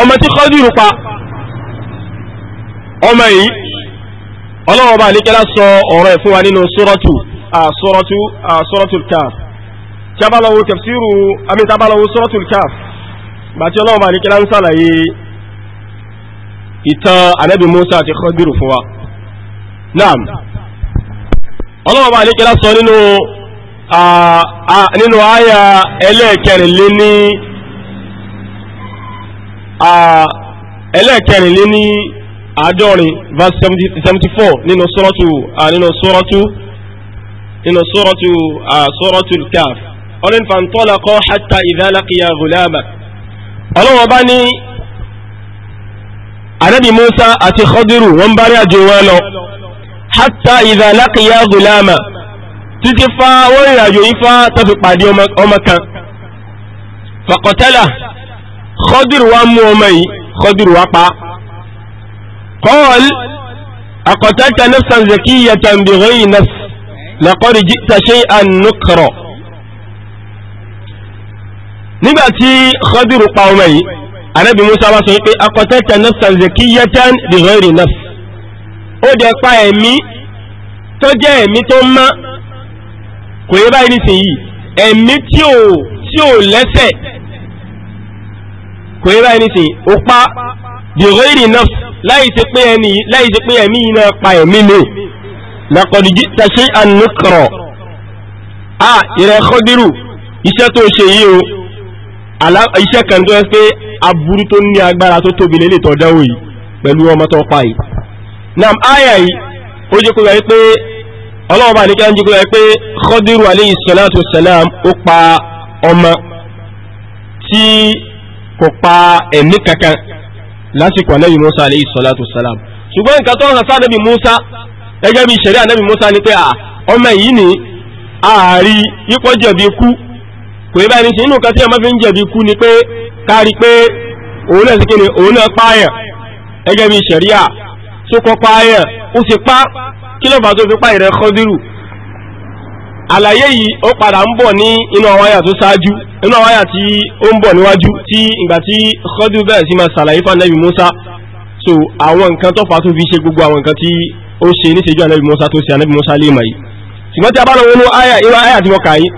ọmọ tí kọ́dìrù pa ọmọ yìí ọlọ́run ọba àlékẹ́lá sọ ọ̀rọ̀ ẹ̀ fún wa nínú sọ́rọ́tù sọ́rọ́tù sọ́rọ́tù káf tí a bá lọ wo tafsiru àmì tí a bá lọ wo sọ́rọ́tù káf bàtí ọlọ́run ọba àlékẹ́lá ń sàlàyé ìtàn ànábì Musa àti kọ́dìrù fún wa naam ọlọ́run ọba sọ nínú nínú àyà ẹlẹ́ẹ̀kẹrìnlé ní ẹlẹ́ẹ̀kẹrin lé ní àádọ́rin verse seventy four nínú sọ́rọ́tù nínú sọ́rọ́tù nínú sọ́rọ́tù sọ́rọ́tù káf ọlọ́run fantalaqa hatta idha laqiya ghulama ọlọ́wọ́n bá ní anabi musa àti khadiru wọ́n bá rí àjò wọn lọ hatta idha laqiya títí fa wọ́n rìn àjò yìí fa tó fi pàdé ọmọ kan faqatala. Khadiru wa mú ọmọ yìí Khadiru wa pa qal aqatalta nafsan zakiyatan bighayri nafs laqad ji'ta shay'an nukra nígbà tí Khadiru pa ọmọ yìí Ànábì Musa wá sọ pé aqatalta nafsan zakiyatan bighayri nafs ó jẹ pa ẹ̀mí tó jẹ́ ẹ̀mí tó má kò yẹ báyìí nísìnyí ẹ̀mí tí ò lẹ́sẹ̀ kò yẹ báyìí nìsín ó pa bìrìrì nafs láì ṣe pé ẹni láì ṣe pé ẹ̀mí iná pa ẹ̀mí mi nàkọ̀dìjì tàṣí ànúkọ̀rọ̀ a ìrẹ̀ Khadiru iṣẹ́ tó ṣe yìí o iṣẹ́ kan tó yẹ pé aburú tó ní agbára tó tóbi lélẹ̀ tó dáwò yìí pẹ̀lú ọmọ pa yìí nam aya yìí ó jẹ́ kó yẹ pé ọlọ́wọ́ bá nìkan jẹ́ kó yẹ pé Khadiru alayhi salatu wassalam ó pa ọmọ tí kò pa ẹ̀mí kankan lásìkò anábì musa aleyhi salatu salam ṣùgbọ́n nǹkan tó hàn sáà anábì musa gẹ́gẹ́ bí ìṣẹ̀rí anábì musa ni pé ọmọ yìí ni ààrí yípo jẹ̀bi ikú kò yẹ báyìí ṣe inú kan tí ọmọ fi ń jẹ̀bi ikú ni pé kárí pé òun náà síkè ni òun náà pààyàn gẹ́gẹ́ bí ìṣẹ̀rí à tó kọ pààyàn ó sì pa kí ló fà tó fi pààyàn rẹ̀ kọ́dírù àlàyé yìí ó padà ń bọ̀ ní inú àwọn àyà tó ṣáájú inú àwọn àyà tí ó ń bọ̀ níwájú tí ìgbà tí kọ́dù bẹ̀rẹ̀ sí máa ṣàlàyé fún anábì Musa so àwọn nǹkan tó fà á tó fi ṣe gbogbo àwọn nǹkan tí ó ṣe níṣẹ́jú anábì Musa tó ṣe anábì Musa lè mọ̀ yìí ṣùgbọ́n tí a bá lọ wọnú àyà inú àyà tí wọ́n kà yìí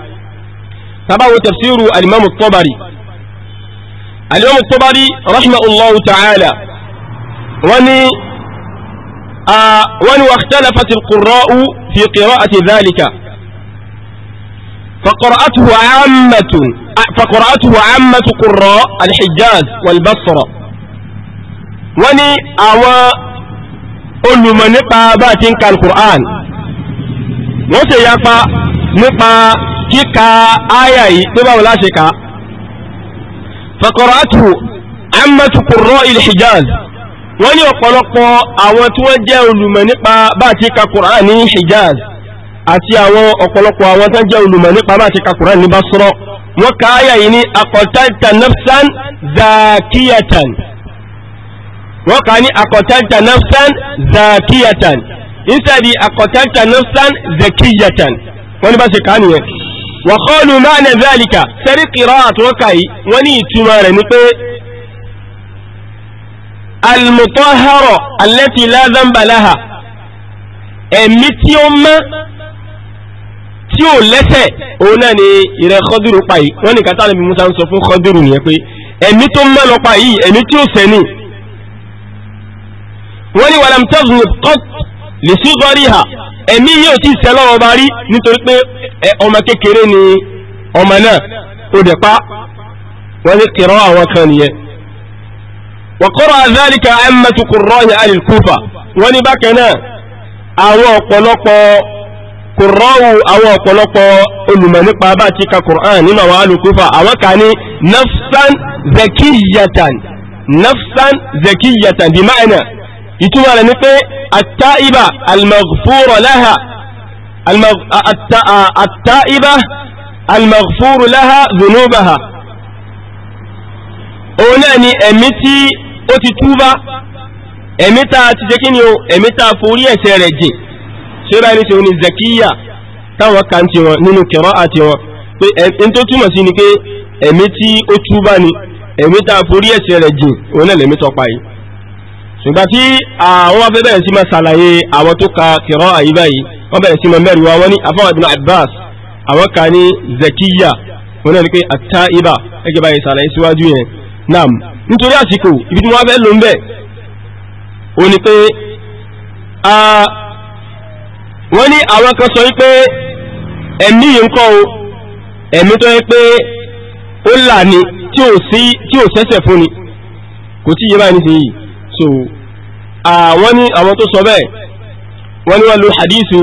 tàbá wo tafsiru alimami tọ́bari alimami tọ́bari rahimahullahu ta'ala wọ́n ní فقرأته عامة فقرأته عامة قراء الحجاز والبصرة وني أوا أولو من نقا باتين كالقرآن وسي يقا نقا kíka áyà yìí tó báwo láṣe ká fàkọ̀rọ̀átù amẹ́tukùrọ̀ ilẹ̀ hijaz wọ́n ní ọ̀pọ̀lọpọ̀ àwọn tí wọ́n jẹ́ olùmọ̀ nípa bá ti ka kùrán ní hijaz àti àwọn ọ̀pọ̀lọpọ̀ àwọn tán jẹ́ olùmọ̀ nípa bá ti ka Qur'an ní Basra wọ́n ka áyà yìí ní aqtalta nafsan zakiyatan wọ́n ka ní aqtalta nafsan zakiyatan instead aqtalta nafsan zakiyatan wọ́n ní bá ṣe ká nìyẹn wa qalu ma'na dhalika sẹ́rí qira'at wọ́n yìí wọ́n ní ìtumọ̀ rẹ̀ ní pé al-mutahhara allati ẹ̀mí tí ó mọ́ tí ò lẹ́sẹ̀ òun náà ni ìrẹ́ kọ́dúrú pa yìí wọ́n ní kátà níbi musa ń sọ fún kọ́dúrú nìyẹn pé ẹ̀mí tó mọ́ lọ pa yìí ẹ̀mí tí ó sẹ́ ni. wọ́n ní wàlámù tẹ́sùn kọ́ lè sí gọ́rí hà ẹ̀mí yóò ti sẹ́ lọ́wọ́ bá rí nítorí pé ọmọ kékeré ni ọmọ náà ó dẹ̀ pa wọ́n ní kìrọ́ àwọn kan nìyẹn. wàkọ́rọ̀ àzálìkà ẹ̀mẹ́tukùrọ̀ yẹn àlìkúfà wọ́n ní bákan náà àwọn ọ̀pọ̀lọpọ̀ kùrọ́wù àwọn ọ̀pọ̀lọpọ̀ olùmọ̀ nípa bá ti ka Qur'an nínú àwọn alùkúfà àwọn kà ní nafsan zakiyatan nafsan zakiyatan bí máàna ìtumọ̀ rẹ̀ ní pé àtàìbà almaghfura laha àtàìbà almaghfura laha dhunubaha òun náà ni ẹ̀mí tí ó ti túbá ẹ̀mí tá a ti jẹ́ kí ni o ẹ̀mí tá a forí ẹ̀ṣẹ̀ rẹ̀ jìn Sera báyìí ní sèwọ́n ní zakiya táwọn kan ti wọn nínú kẹrọ àti wọn pé ẹni tó túmọ̀ sí ni pé ẹ̀mí tí ó túbá ni ẹ̀mí tá a forí ẹ̀ṣẹ̀ rẹ̀ jìn òun náà lẹ̀mí tọpa yìí ṣùgbọ́n tí àwọn afẹ́ bẹ̀rẹ̀ sí máa ṣàlàyé àwọn tó ka kẹrọ àyí báyìí wọ́n bẹ̀rẹ̀ sí máa mẹ́rin wa wọ́n ní afáwọn àdúrà Abbas àwọn kan ní zakiya òun náà ni pé at-taiba ẹgbẹ́ báyìí ṣàlàyé síwájú yẹn nam nítorí àsìkò ibi tí wọ́n fẹ́ lò ń bẹ̀ òun ni pé wọ́n ní àwọn kan sọ wípé ẹ̀mí yìí ń kọ́ o ẹ̀mí tó yẹ pé ó là ní tí ò sẹ́sẹ̀ fún ni kò tí yé báyìí nísìnyí so àwọn ní àwọn tó sọ bẹ́ẹ̀ wọ́n ní wọ́n lo hadithu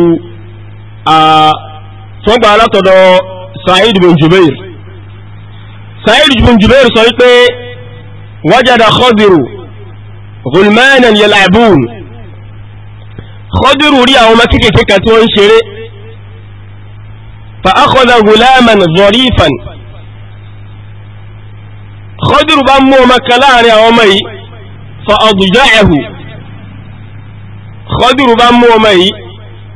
tó látọ̀dọ̀ Sa'id bin Jubair Sa'id bin Jubair sọ wípé wajada Khadiru ghulmanan yal'abun Khadiru rí àwọn ọmọ kéékèèké kan tí wọ́n ń ṣeré fa akhadha ghulaman zarifan Khadiru bá mú ọmọ kan láàrin àwọn ọmọ yìí fa adja'ahu Khadiru bá mú ọmọ yìí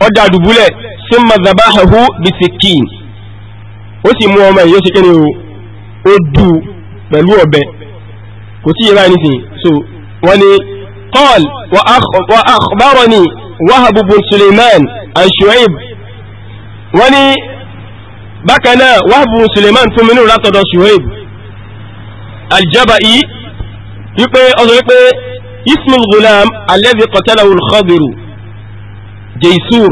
ọjà dùbúlẹ̀ summa dhabahahu bisikkin ó sì mú ọmọ yìí ó sì kéde o ó dù pẹ̀lú ọ̀bẹ kò sí yẹ báyìí nísìnyí so wọ́n ni qal wa akhbarani wahab bin suleiman an shu'aib wọ́n ní bákan náà wahab bin suleiman fún mi ní ìrátọ̀dọ̀ shu'aib aljaba'i wípé ọ̀sọ̀ wípé ismul gulam alladhi qatalahu al-khadiru jaysur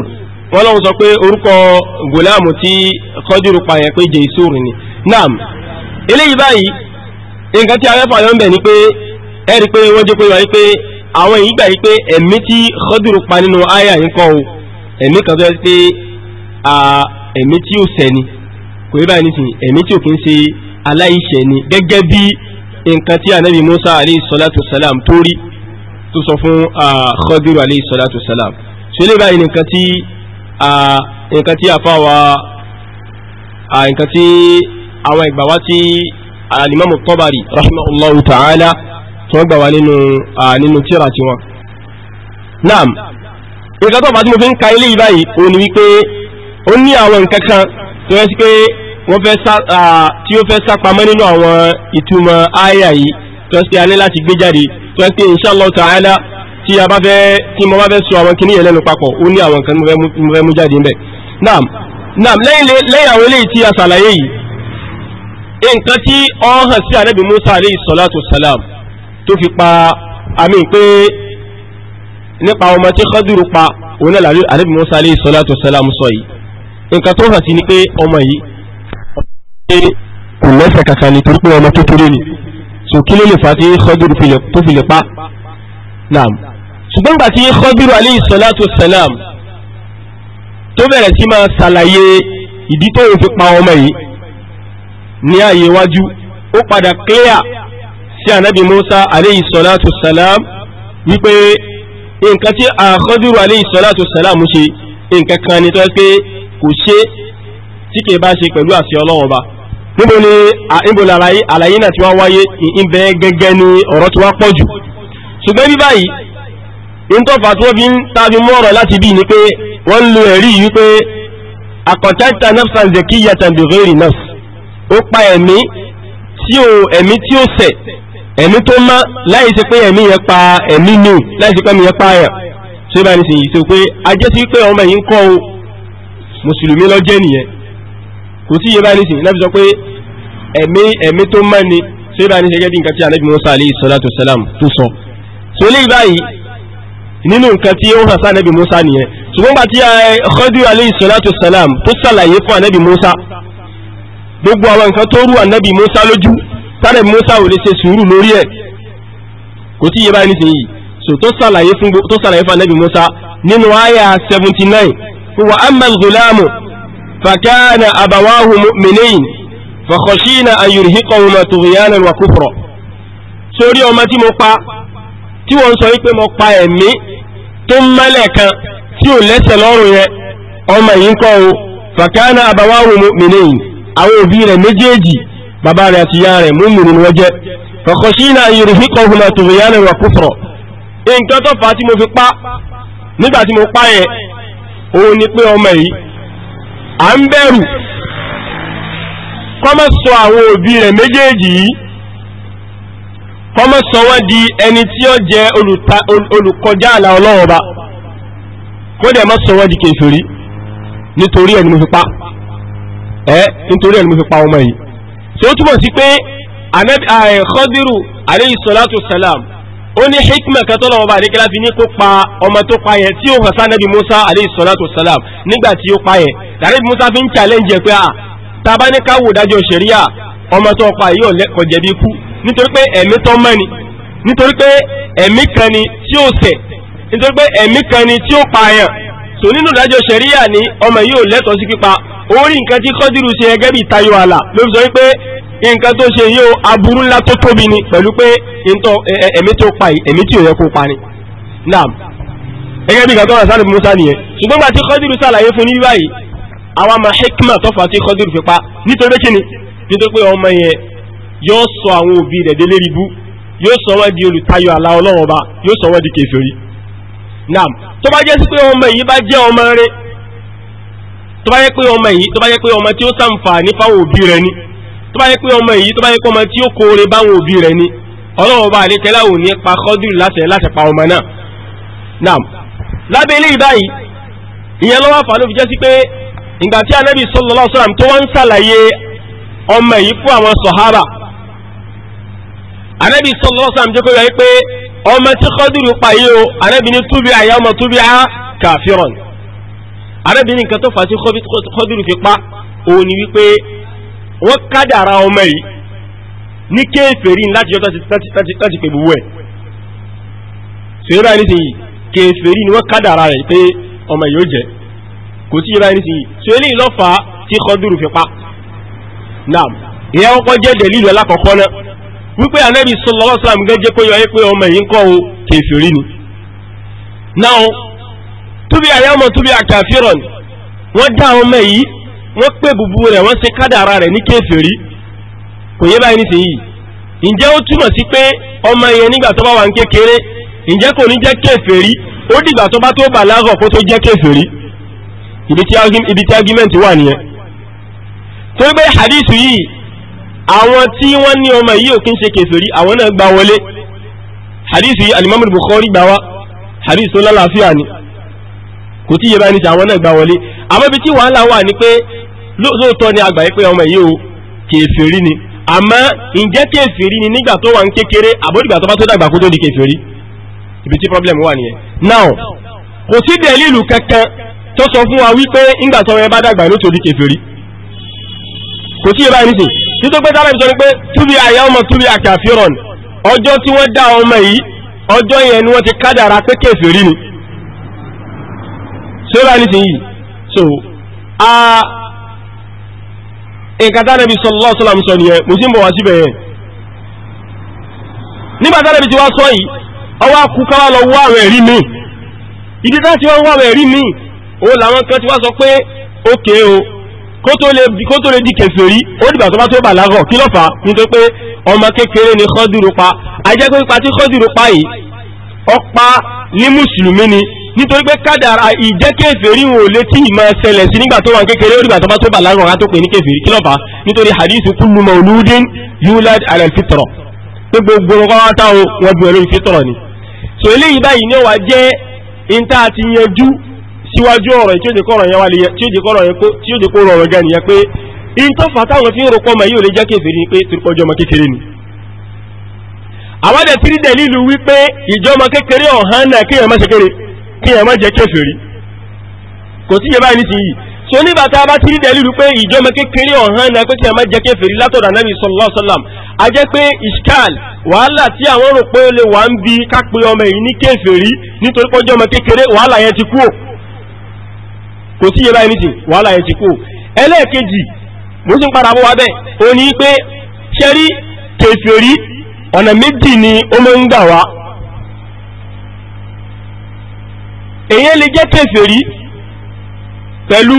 wọ́n lọ́wọ́ sọ pé orúkọ gùlámù tí kọjúrù pààyàn pé jésùrù ni naam eléyìí báyìí nǹkan tí arẹ́fà yọ ń bẹ̀ ni pé ẹ̀rí pé wọ́n jẹ́ pé wáyé pé àwọn èyí gbà yí pé ẹ̀mí tí Khadiru pa nínú àyà yìí kọ́ o ẹ̀mí kan tó yẹ pé ẹ̀mí tí ó sẹ́ni kò yẹ báyìí nísìnyí ẹ̀mí tí ò kí ń ṣe aláìṣẹ̀ ni gẹ́gẹ́ bí nǹkan tí anabi Musa alayhi salatu salam tó rí tó sọ fún Khadiru alayhi salatu salam ṣe lè báyìí nǹkan tí nǹkan tí àfáwa nǹkan tí àwọn ìgbà wá tí alimamu Tabari rahimahullahu ta'ala tí wọ́n gbà wá nínú nínú tíra tiwọn. naam nǹkan tó bá tí mo fi ń ka ilé yìí báyìí ó ní wípé ó ní àwọn nǹkan kan tó yẹ sí pé wọ́n fẹ́ sá tí ó fẹ́ sá pamọ́ nínú àwọn ìtumọ̀ àyà yìí tó yẹ sí alẹ́ láti gbé jáde tó yẹ sí insha Allah ta'ala tí a bá fẹ́ tí mo bá fẹ́ sọ àwọn kìnìyàn lẹ́nu papọ̀ ó ní àwọn nǹkan mo fẹ́ mú jáde ń bẹ̀. naam naam lẹ́yìn àwọn eléyìí tí a ṣàlàyé yìí nǹkan tí ó hàn sí Ànábì Musa alayhi salatu salam tó fi pa àmì pé nípa ọmọ tí kọ́dùrú pa òun náà làlú ànábì Musa alayhi salatu wasalam sọ yìí nǹkan tó hàn sí ni pé ọmọ yìí kò lẹ́sẹ̀ kankan nítorí pé ọmọ kékeré ni so kí ló lè fà tí kọ́dùrú tó fi lè pa naam ṣùgbọ́n gbà tí kọ́dùrú alayhi salatu wasalam tó bẹ̀rẹ̀ sí máa ṣàlàyé ìdí tó fi pa ọmọ yìí ní ààyè iwájú ó padà clear sí ànábì Musa aleyhi salam wípé nǹkan tí àkọ́dúró aleyhi salam ṣe nǹkan kan ni tó pé kò ṣe tí kìí bá ṣe pẹ̀lú àṣẹ Ọlọ́run Ọba níbo ni níbo ni àlàyé náà ti wá wáyé ìbẹ̀ gẹ́gẹ́ ni ọ̀rọ̀ ti wá pọ̀ jù ṣùgbọ́n bí báyìí ìntọ́fà tí wọ́n fi ń tàbí mú ọ̀rọ̀ láti bí ni pé wọ́n ń lo ẹ̀rí wípé akọ̀tẹ́ta nafsan zekiyatan bi ghairi nafs ó pa ẹ̀mí tí ó ẹ̀mí tí ó ṣẹ̀ ẹ̀mí tó má láì ṣe pé ẹ̀mí yẹn pa ẹ̀mí nù láì ṣe pé ẹ̀mí yẹn pa àyàn ṣé bá ní sìn yìí tó pé ajẹ́ sí pé ọmọ yìí ń kọ́ o mùsùlùmí lọ́jẹ́ nìyẹn kò sí iye bá ní sìn láti pé ẹ̀mí ẹ̀mí tó má ni ṣé bá ní ṣe gẹ́gẹ́ bí nǹkan tí anabi musa alayhi salatu salam tó sọ tó lè báyìí nínú nǹkan tí ó hàn sí anabi musa nìyẹn ṣùgbọ́n bá ti Khidr salam tó ṣàlàyé fún anabi musa gbogbo àwọn nǹkan tó rú anabi musa lójú sáré musa ò lè ṣe sùúrù lórí ẹ̀ kò tí yé báyìí nísìnyí so tó sàlàyé fún tó sàlàyé fún anabi musa nínú àyà seventy nine fún wa amal gulaamu fakana abawahu mu'minin fakhashina an yurhiqahuma tughyanan wa kufra sórí ọmọ tí mo pa tí wọ́n sọ wípé mo pa ẹ̀mí tó ń mẹ́lẹ̀ kan tí ò lẹ́sẹ̀ lọ́rùn yẹn ọmọ yìí ń kọ́ o fàkánà àbáwáwò mìíràn àwọn òbí rẹ̀ méjèèjì bàbá rẹ̀ àti ìyá rẹ̀ múmìnì ni wọ́n jẹ́ fọ̀kọ̀ṣínà yorùbíkọ̀ hùnà tòwìyàn rẹ̀ wà kúfọ̀rọ̀ nǹkan tó fà á tí mo fi pa nígbà tí mo pa yẹn òun ni pé ọmọ yìí à ń bẹ̀rù kọ́mọ̀ sọ àwọn òbí rẹ̀ méjèèjì yìí kọ́mọ̀ wọ́n di ẹni tí ó jẹ́ olùkọjá àlà ọlọ́wọ́ kó dẹ̀ mọ́ sọ wọ́n di kèfèrí nítorí ẹ̀ ni mo fi pa ẹ́ nítorí ẹ̀ ni mo fi pa ọmọ yìí tí ó túbọ̀ sí pé Khadiru alayhi salam ó ní hikma kan tọ́lọ̀ ọba àdékẹ́lá fi ní kó pa ọmọ tó pa tí ó hàn sá Musa alayhi salatu salam nígbà tí ó pa yẹn Musa fi ń challenge pé à tàbá ní káwò dájọ́ ṣẹ̀ríà ọmọ tó pa yìí kò jẹ̀bi ikú nítorí pé ẹ̀mí tọ́ mọ́ ni nítorí pé ẹ̀mí kan ni tí ó ṣẹ̀ nítorí ni tí ó pa yẹn orí nǹkan tí kọ́dírù ṣe gẹ́gẹ́ bí tayọ àlà ló fi sọ wípé nǹkan tó ṣe yóò aburú ńlá tó tóbi ni pẹ̀lú pé ẹ̀mí tó pa ẹ̀mí tí ò yẹ kó pa ni. naam gẹ́gẹ́ bí gàdọ́rà sálẹ̀ musa nìyẹn ṣùgbọ́n gbà tí kọ́dírù ṣàlàyé fún ní báyìí àwa máa hekima tọ́fà tí kọ́dírù fi pa nítorí kí ni nítorí pé ọmọ yẹn yóò sọ àwọn òbí rẹ̀ délé ribú yóò sọ wọ́n di tó bá yẹ pé ọmọ yìí tó yẹ pé ọmọ tí ó sàǹfààní fáwọn òbí rẹ̀ ni tó bá yẹ pé ọmọ yìí tó bá yẹ pé ọmọ tí ó kóore báwọn òbí rẹ̀ ni ọlọ́run ọba àlékẹ́lá ò ní pa kọ́dùrù láṣẹ láṣẹ pa ọmọ náà naam lábẹ́ ilé ìbáyìí ìyẹn lọ́wọ́ àfà ló fi jẹ́ sí pé ìgbà tí anábì sallallahu alaihi wasallam tó wọ́n ń ṣàlàyé ọmọ yìí fún àwọn sọ̀hábà anábì sallallahu alaihi wasallam jẹ́ kó yọ pé ọmọ arábìnrin kan tó fà sí kọ́dúrú fi pa òun ni wípé wọ́n kádàrá ọmọ yìí ní kéèfèrí láti yọtọ́ láti pè gbogbo ẹ̀ sèyí báyìí kéèfèrí ni wọ́n kádàrá rẹ̀ pé ọmọ yìí ó jẹ́ kò sí báyìí nísìnyí sèyí lè lọ́ fà á tí kọ́dúrú fi pa naam ìyẹn kọ́kọ́ jẹ́ dẹ̀lílù alákọ̀ọ́kọ́ náà wípé anabi sallallahu alaihi gẹ́gẹ́ pé ọmọ yìí ń kọ́ o kéèfèrí ni náà túbí àyàmọ̀ túbí àkàfíràn wọ́n dá àwọn ọmọ yìí wọ́n pè bùbú rẹ̀ wọ́n ṣe kádàrà rẹ̀ ní kéfèrí kò yé báyìí nísìnyí ǹjẹ́ ó túmọ̀ sí pé ọmọ yẹn nígbà tó bá wà ń kékeré ǹjẹ́ kò ní jẹ́ kéfèrí ó dìgbà tó bá tó bàlágà kó tó jẹ́ kéfèrí ibi tí argument wà nìyẹn torí pé hadith yìí àwọn tí wọ́n ní ọmọ yìí ò kí ń ṣe kéfèrí àwọn náà gbà wọlé hadith yìí alimami Bukhari gbà wá hadith tó lálàáfíà ni kò tí yé báyìí níta àwọn náà gbá wọlé àmọ́ ibi tí wàhálà wà ní pé lóòótọ́ ni àgbà yìí pé ọmọ yìí o kèfèrí ni àmọ́ ǹjẹ́ kèfèrí ni nígbà tó wà ń kékeré àbódìgbà tó bá tó dàgbà kó tó di kèfèrí ibi tí problem wà nìyẹn now kò sí dẹ̀lílù kankan tó sọ fún wa wípé ńgbà tó wọn bá dàgbà ló tó di kèfèrí kò sí yé báyìí nísìn nítorí pé sábà sọ pé túbi àyà ọmọ túbi àkàfíràn ọjọ́ tí wọ́n dá ọmọ yìí ọjọ́ yẹn ni wọ́n ti kádàrá pé kèfèrí ni ṣé ó bá ní sìn yìí so a nǹkan tá nàbí sallallahu alaihi wasallam sọ nìyẹn mo sì ń bọ̀ wá síbẹ̀ yẹn nígbà tá nàbí ti wá sọ yìí ọwọ́ akú káwá lọ wá àwọn ẹ̀rí mi ìdí tá ti wá wá àwọn ẹ̀rí mi òun làwọn kan ti wá sọ pé ókè o kó tó lè di kèfèrí ó dìgbà tó bá tó bàlágọ̀ kí ló fà á nítorí pé ọmọ kékeré ni Khadiru pa ajẹ́ pé ipa tí Khadiru pa yìí ọ̀pá ní mùsùlùmí ni nítorí pé kádàrà ìjẹ́ kèfèrí wọn ò lè tí ìmọ̀ ṣẹlẹ̀ sí nígbà tó wà kékeré ó dìgbà tó bá tó bà lágùn ọ̀gá tó pè ní kèfèrí kí nítorí hadithu kullu mauludin yulad ala alfitra pé gbogbo wọn wá táwọn wọn bí wọn lórí fitra ni. sọ eléyìí báyìí ní wàá jẹ́ níta àti yanjú síwájú ọ̀rọ̀ tí ó jẹ́ kọ́rọ̀ yẹn wà lè yẹ tí ó jẹ́ ni àwádẹ̀ tí rí dẹ̀lílù wípé ìjọmọ kékeré ọ̀hán náà kí ẹ̀mọ́ ṣekéré kí ẹ̀mọ́ jẹ kéfèrí kò sí yẹba ní ti yìí tí ó nígbà tá a bá tí rí dẹ̀lílù pé ìjọmọ kékeré ọ̀hán náà pé kí ẹ̀mọ́ jẹ kéfèrí látọ̀dọ̀ anábì sallallahu alaihi a jẹ́ pé iskal wàhálà tí àwọn rò pé ó lè wà ń bi kápé ọmọ yìí ní kéfèrí nítorí pé ọjọ́mọ kékeré wàhálà yẹn ti kú ò kò sí yẹba ní ti wàhálà yẹn ti kú ò ẹlẹ́ẹ̀kejì mo sì ń padà bọ́ wa bẹ́ẹ̀ ó ní pé ṣẹ́rí kéfèrí ọ̀nà méjì ni ó mọ́ ń gbà wá èyí lè jẹ́ kèfèrí pẹ̀lú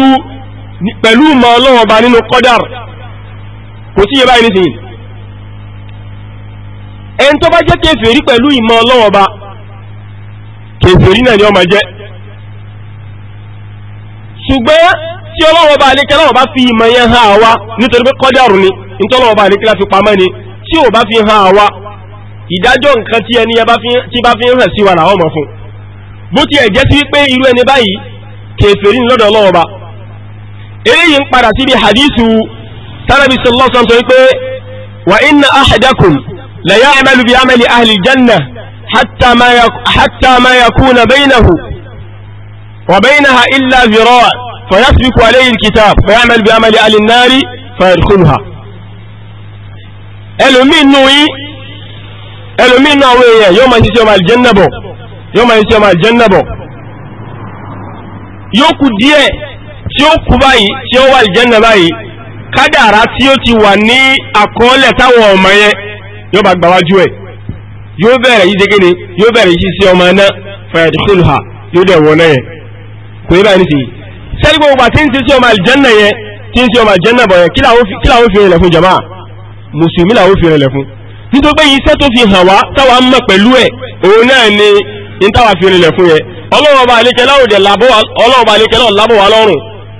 pẹ̀lú ma ọlọ́wọ́ bá nínú kọ́dàr kò sí yẹ báyìí nìsìn ẹni tó bá jẹ́ kèfèrí pẹ̀lú ìmọ̀ ọlọ́wọ́ bá kèfèrí náà ni ó máa jẹ́ ṣùgbọ́n tí ọlọ́wọ́ bá alẹ́kẹ́ láwọ̀ bá fi ìmọ̀ yẹn hàn àwa nítorí pé kọ́dàr ni ní tọ́lọ́wọ́ bá alẹ́kẹ́ láti pamọ́ ni tí ò bá fi hàn àwa ìdájọ́ nǹkan tí ẹni tí bá fi ń hàn sí wa làwọn ọmọ fún bó tiẹ̀ jẹ́ sí wípé irú ẹni báyìí kèfèrí ní lọ́dọ̀ Ọlọ́run Ọba eléyìí ń padà síbi hadithu tánàbí sallallahu alaihi wasallam sọ wípé wa inna ahadakum la ya'malu bi amali ahli janna hatta ma yakuna baynahu wa baynaha illa zira' فيسبق عليه الكتاب فيعمل بعمل أهل النار فيدخلها ẹlòmíì nù yín ẹlòmíì náà àwọn èèyàn yóò máa ń ṣiṣẹ́ ọmọ àlìjẹ́nàbọ̀ yóò máa ń ṣiṣẹ́ ọmọ àlìjẹ́nàbọ̀ yóò kù díẹ̀ tí ó kú báyìí tí ó wà àlìjẹ́nà báyìí kádàrá tí ó ti wà ní àkọọ́lẹ̀ táwọn ọmọ yẹn yóò bá gbàwájú ẹ̀ yóò bẹ̀rẹ̀ yí dégé ni yóò bẹ̀rẹ̀ yí sí ọmọ náà fayadkhulha yóò dẹ̀ wọ́n náà yẹn kò nítorí pé iṣẹ́ tó fi hàn wá táwa ń mọ̀ pẹ̀lú ẹ̀ òun náà ni ní táwa fi rinlẹ̀ fún yẹn ọlọ́run ọba àlékẹ́ láwùjẹ ọlọ́run ọba àlékẹ́ náà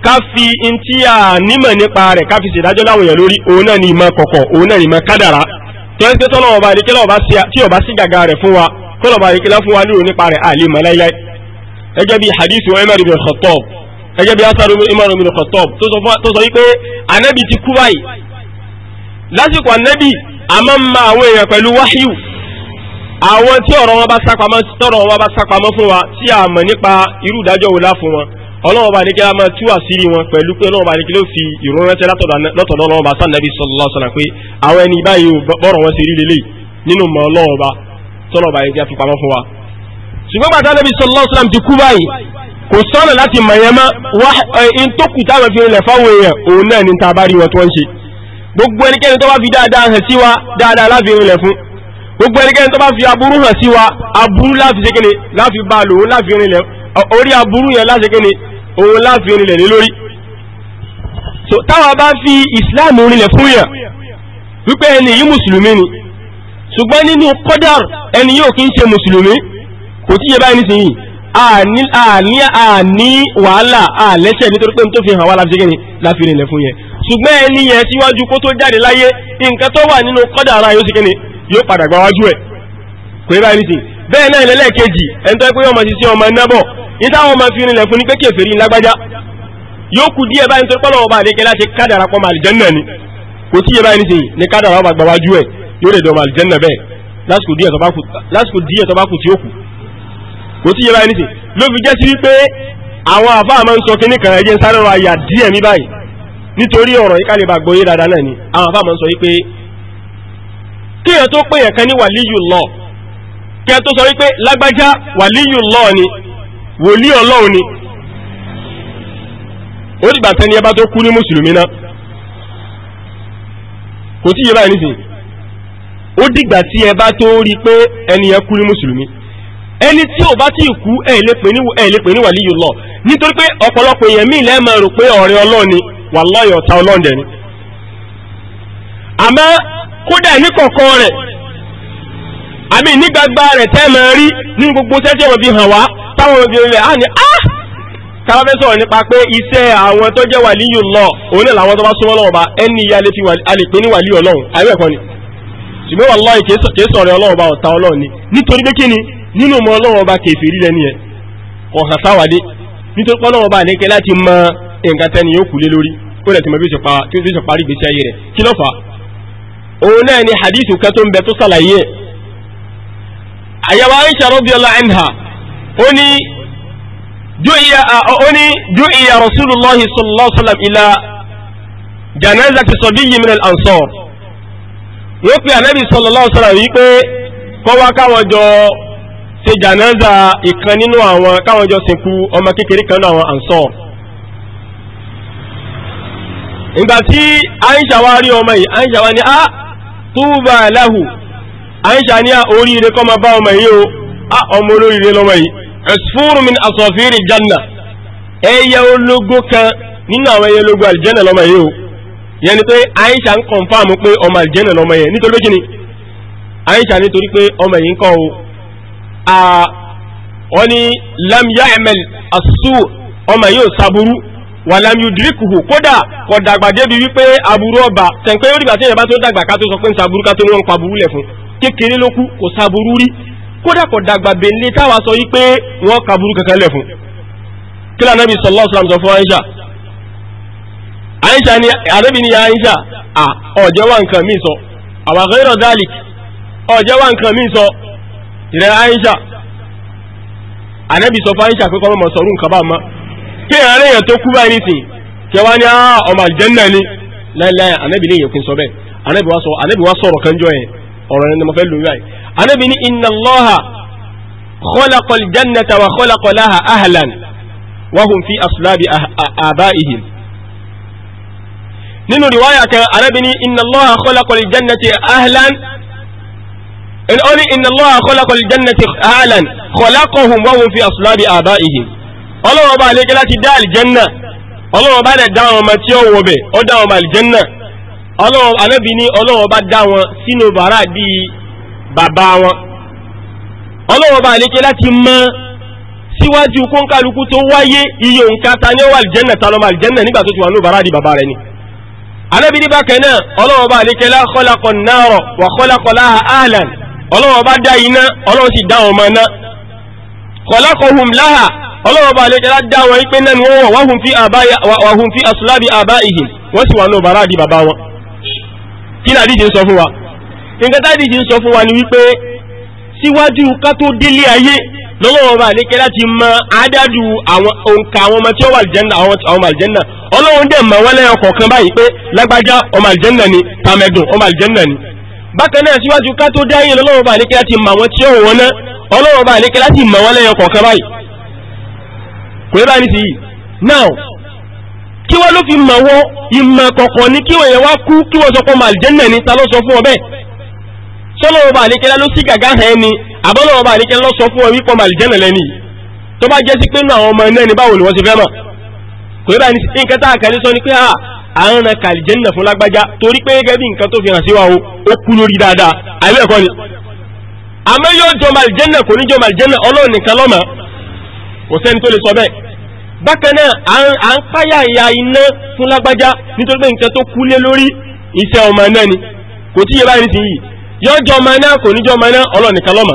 ká fi n tí a nímọ̀ nípa rẹ̀ ká fi ṣèdájọ́ láwọn èèyàn lórí òun náà ni ìmọ̀ kọ̀kọ̀ òun náà ni ìmọ̀ kádàrá tó ń ṣe tọ́lọ́run ọba àlékẹ́ náà tí ọba sí gàgà rẹ̀ fún wa kọ́lọ̀ ọba àlékẹ́ náà fún wa lórí nípa rẹ̀ àlè mọ̀ láíláí gẹ́gẹ́ bí hadith Umar ibn Khattab gẹ́gẹ́ bí asaru Umar ibn Khattab tó sọ wípé anabi ti kú báyìí lásìkò anabi àmọ́ ń ma àwọn èèyàn pẹ̀lú wáhíù àwọn tí ọ̀rọ̀ wọn bá sápamọ́ tọ̀rọ̀ wọn bá sápamọ́ fún wa tí a mọ̀ nípa irú ìdájọ́ wo lá fún wọn ọlọ́wọ́n bá ní kí a máa tú àṣírí wọn pẹ̀lú pé ọlọ́wọ́n bá ní kí ló fi ìrún ránṣẹ́ látọ̀dọ̀ ọlọ́wọ́n bá sànàbí sallallahu alaihi wasallam pé àwọn ẹni báyìí bọ́rọ̀ wọn ṣe rí lélẹ̀ nínú mọ̀ ọlọ́wọ́n bá tọ́lọ̀ bá yẹn kí a fi pamọ́ fún wa gbogbo ẹnikẹ́ni tó bá fi dáadáa hàn sí wa dáadáa láfi rinlẹ̀ fún gbogbo ẹnikẹ́ni tó bá fi aburú hàn sí wa aburú láfi ṣekele láfi bá lò ó láfi rinlẹ̀ orí aburú yẹn láti ṣekele òun láfi rinlẹ̀ lé lórí. so táwa bá fi islam rinlẹ̀ fún yàn wípé ẹni yìí mùsùlùmí ni ṣùgbọ́n nínú kọ́dàr ẹni yóò kí ń ṣe mùsùlùmí kò tíye báyìí nísìnyí àní àní àní wàhálà àlẹ́sẹ̀ nítorí pé n tó fi hàn wá láfi ṣekele láfi rinlẹ̀ fún yẹn ṣùgbọ́n ẹni yẹn síwájú kó tó jáde láyé nǹkan tó wà nínú kọ́dà ara yóò sì kíni yóò padà gbà wájú ẹ̀ kò yíba ẹni sí bẹ́ẹ̀ náà lẹ́lẹ́kejì ẹni tó pé ọmọ ṣiṣẹ́ ọmọ iná bọ̀ ní táwọn ọmọ fi rinlẹ̀ fún ní pé kèfèrí lágbájá yóò kù díẹ̀ báyìí nítorí pọ́lọ́wọ́ ni kò tí yẹ báyìí ní sèyí ní kádàrà ọba gbà wájú ẹ̀ yóò lè dọ̀ màlìjẹ́nà bẹ́ẹ̀ lásìkò díẹ̀ tó bá kù tí ó kù kò tí yẹ báyìí ní sèyí ló fi jẹ́ sí wípé àwọn àfáà máa ń sọ kíní kan ẹ̀jẹ̀ ń sáré ra ìyà nítorí ọ̀rọ̀ yìí kálẹ̀ bá gbọ́yé dáadáa náà ni àwọn afá máa ń sọ wípé kéèyàn tó pè yẹn kan ní waliyullah kéèyàn tó sọ wípé lágbájá waliyullah ni wòlíì ọlọ́run ni ó dìgbà tẹni ẹbá tó kú ní mùsùlùmí náà kò tí yẹ báyìí nísìnyí ó dìgbà tí ẹbá tó rí pé ẹni yẹn kú ní mùsùlùmí ẹni tí ò bá tí ì kú ẹ̀ lè pè ní waliyullah nítorí pé ọ̀pọ̀lọpọ̀ èèyàn míì lẹ́ẹ̀ rò pé ọ̀rẹ́ ọlọ́run ni wallahi ọ̀tá ọlọ́ọ̀dẹ ni àmọ́ kódà ní kọ̀ọ̀kan rẹ̀ àmì ní gbagba rẹ̀ tẹ́ mọ̀ rí ní gbogbo sẹ́tí ọ̀bí hàn wá táwọn òbí rẹ̀ á ní ah! á káwọn fẹ́ sọ̀rọ̀ nípa pé iṣẹ́ àwọn tó jẹ́ waliyullah òun náà làwọn tó bá súnmọ́ lọ́wọ́ bá ẹni ìyá lè fi ní wàlí ọlọ́run àìwẹ̀ kan ni ṣùgbọ́n wallahi kìí sọ̀rọ̀ ọlọ́run bá ọ̀tá ọlọ́run ni nítorí pé kíni nǹkan tẹ́ni yóò kú lé lórí ó lẹ̀ tí mo bí ṣe parí ìgbésí ayé rẹ̀ kí ló fà á òun náà ni hadithu kan tó ń bẹ tó ṣàlàyé àyàwó Aisha radiyallahu anha ó ní du'iya rasulullahi sallallahu alaihi wasallam ila janazati sabiyyi min al-ansar wọ́n pe ànábì sallallahu alaihi wasallam wípé kọ́wá káwọn jọ ṣe janaza ìkan nínú àwọn káwọn jọ sìnkú ọmọ kékeré kan nínú àwọn ansar ìgbà tí àìṣà wá rí ọmọ yìí àìṣà wá ní a túbà láhù àìṣà ní a oríire kọ́ ma bá ọmọ yìí o a ọmọ olóríire lọ́mọ yìí ẹ̀sùfúrù min àsọ̀fíìrì janna ẹyẹ ológo kan nínú àwọn ẹyẹ ológo àlìjẹ́nà lọ́mọ yìí o yẹn ni pé àìṣà ń kọ̀nfàm pé ọmọ àlìjẹ́nà lọ́mọ yẹn nítorí pé àìṣà nítorí pé ọmọ yìí ń kọ́ o wọ́n ní lam ya'mal asu ọmọ yìí ò saburú wàlám yudrikuhu kódà kò dàgbà débi wípé aburú ọba tẹ̀pẹ́ ó dìgbà tí ìyẹn bá tó dàgbà ká tó sọ pé ń saburú ká tó ní wọn pa burú lẹ̀ fún kékeré ló kú kò saburú rí kódà kò dàgbà bèlè táwa sọ wípé wọn ka burú kankan lẹ̀ fún. kí lóò anábì sallallahu alaihi wasallam sọ fún Aisha Aisha ni anábì ni Aisha à ọ̀jẹ̀ wà nǹkan mí sọ àwa ghayra dhalik ọ̀jẹ̀ wà nǹkan mí sọ ìrẹ̀ Aisha anábì sọ fún Aisha pé kọ́ kí èèyàn rẹ̀ yẹn tó kú báyìí nìsín kí wọ́n ní ah, ọmọ àlìjẹ́nà ni láìláì ànábì ní ìyẹ̀kùn sọ bẹ́ẹ̀ ànábì wá sọ ànábì wá sọ̀rọ̀ kan jọ yẹn ọ̀rọ̀ yẹn ni mo fẹ́ lò yáì ànábì ní inna Allaha khalaqa al-jannata wa khalaqa laha ahlan wa hum fi aslabi ah, ah, abaihim nínú riwaya kan ànábì ní inna Allaha khalaqa al-jannata ahlan ìlọ́ni inna Allaha khalaqa al-jannata ahlan khalaqahum wa hum fi aslabi abaihim ọlọ́wọ́ bá lékẹ́ láti dá àlìjẹ́nà ọlọ́wọ́ bá dẹ̀ dá àwọn ọmọ tí ó wọ bẹ̀ ó dá àwọn ọmọ àlìjẹ́nà ọlọ́wọ́ anábì ní ọlọ́wọ́ bá dá wọn sínú bàárà bí bàbá wọn ọlọ́wọ́ bá lékẹ́ láti mọ síwájú kónkálukú tó wáyé iye òǹkà ta ní ọwọ́ àlìjẹ́nà ta lọ́mọ àlìjẹ́nà nígbà tó ti wà ní bàárà di bàbá rẹ̀ ni anábì ní bákan náà ọlọ́wọ́ bá lékẹ́ lá ọlọ́wọ́ bá lè jẹ́lá dá wọn ipé náà ni wọ́n wọ́n wọ́n fi asùlábì àbá ìhìn wọ́n sì wà ní ọ̀bàrá àdì bàbá wọn kí náà díje ń sọ fún wa nǹkan tá díje ń sọ fún wa ni wípé síwájú ká tó délé ayé lọ́wọ́ bá lè jẹ́lá ti mọ àádádù àwọn òǹkà àwọn ọmọ tí ó wà àlìjẹ́nà àwọn ọmọ àlìjẹ́nà ọlọ́run dẹ̀ mọ̀ wọ́n lẹ́yìn kọ̀ọ̀kan báyìí pé lágbájá ọmọ àlìjẹ́nà ni kò yẹ báyìí nísìnyí now kí wọ́n ló fi mọ̀ wọ́n ìmọ̀ kọ̀ọ̀kan ní kí wọ́n yẹn wá kú kí wọ́n sọ pé ọmọ ni ta ló sọ fún ọ bẹ́ẹ̀ sọlọ́wọ́ bá àlékẹ́lá ló sí gàgá hàn ni àbọ́lọ́wọ́ bá àlékẹ́lá ló sọ fún ni báwo ni wọ́n ti fẹ́ mọ̀ kò yẹ báyìí nísìnyí nǹkan tá a kàlẹ́ sọ ni pé àwọn ọ̀nà kàlìjẹ́nà o ó kú lórí dáadáa àìbẹ́ ẹ̀kọ́ ni àmọ́ yóò jọ màlìjẹ́nà kò ní jọ màlìjẹ́nà ọlọ́run nìkan kò sẹ́ni tó lè sọ bẹ́ẹ̀ bákan náà à ń páyà ìyà iná fún lágbájá nítorí pé nǹkan tó kúlé lórí iṣẹ́ ọmọ náà ni kò tíye báyìí nísìn yìí yọjọ́ ọmọ náà kò níjọ́ ọmọ náà ọlọ́nìkan lọ́mọ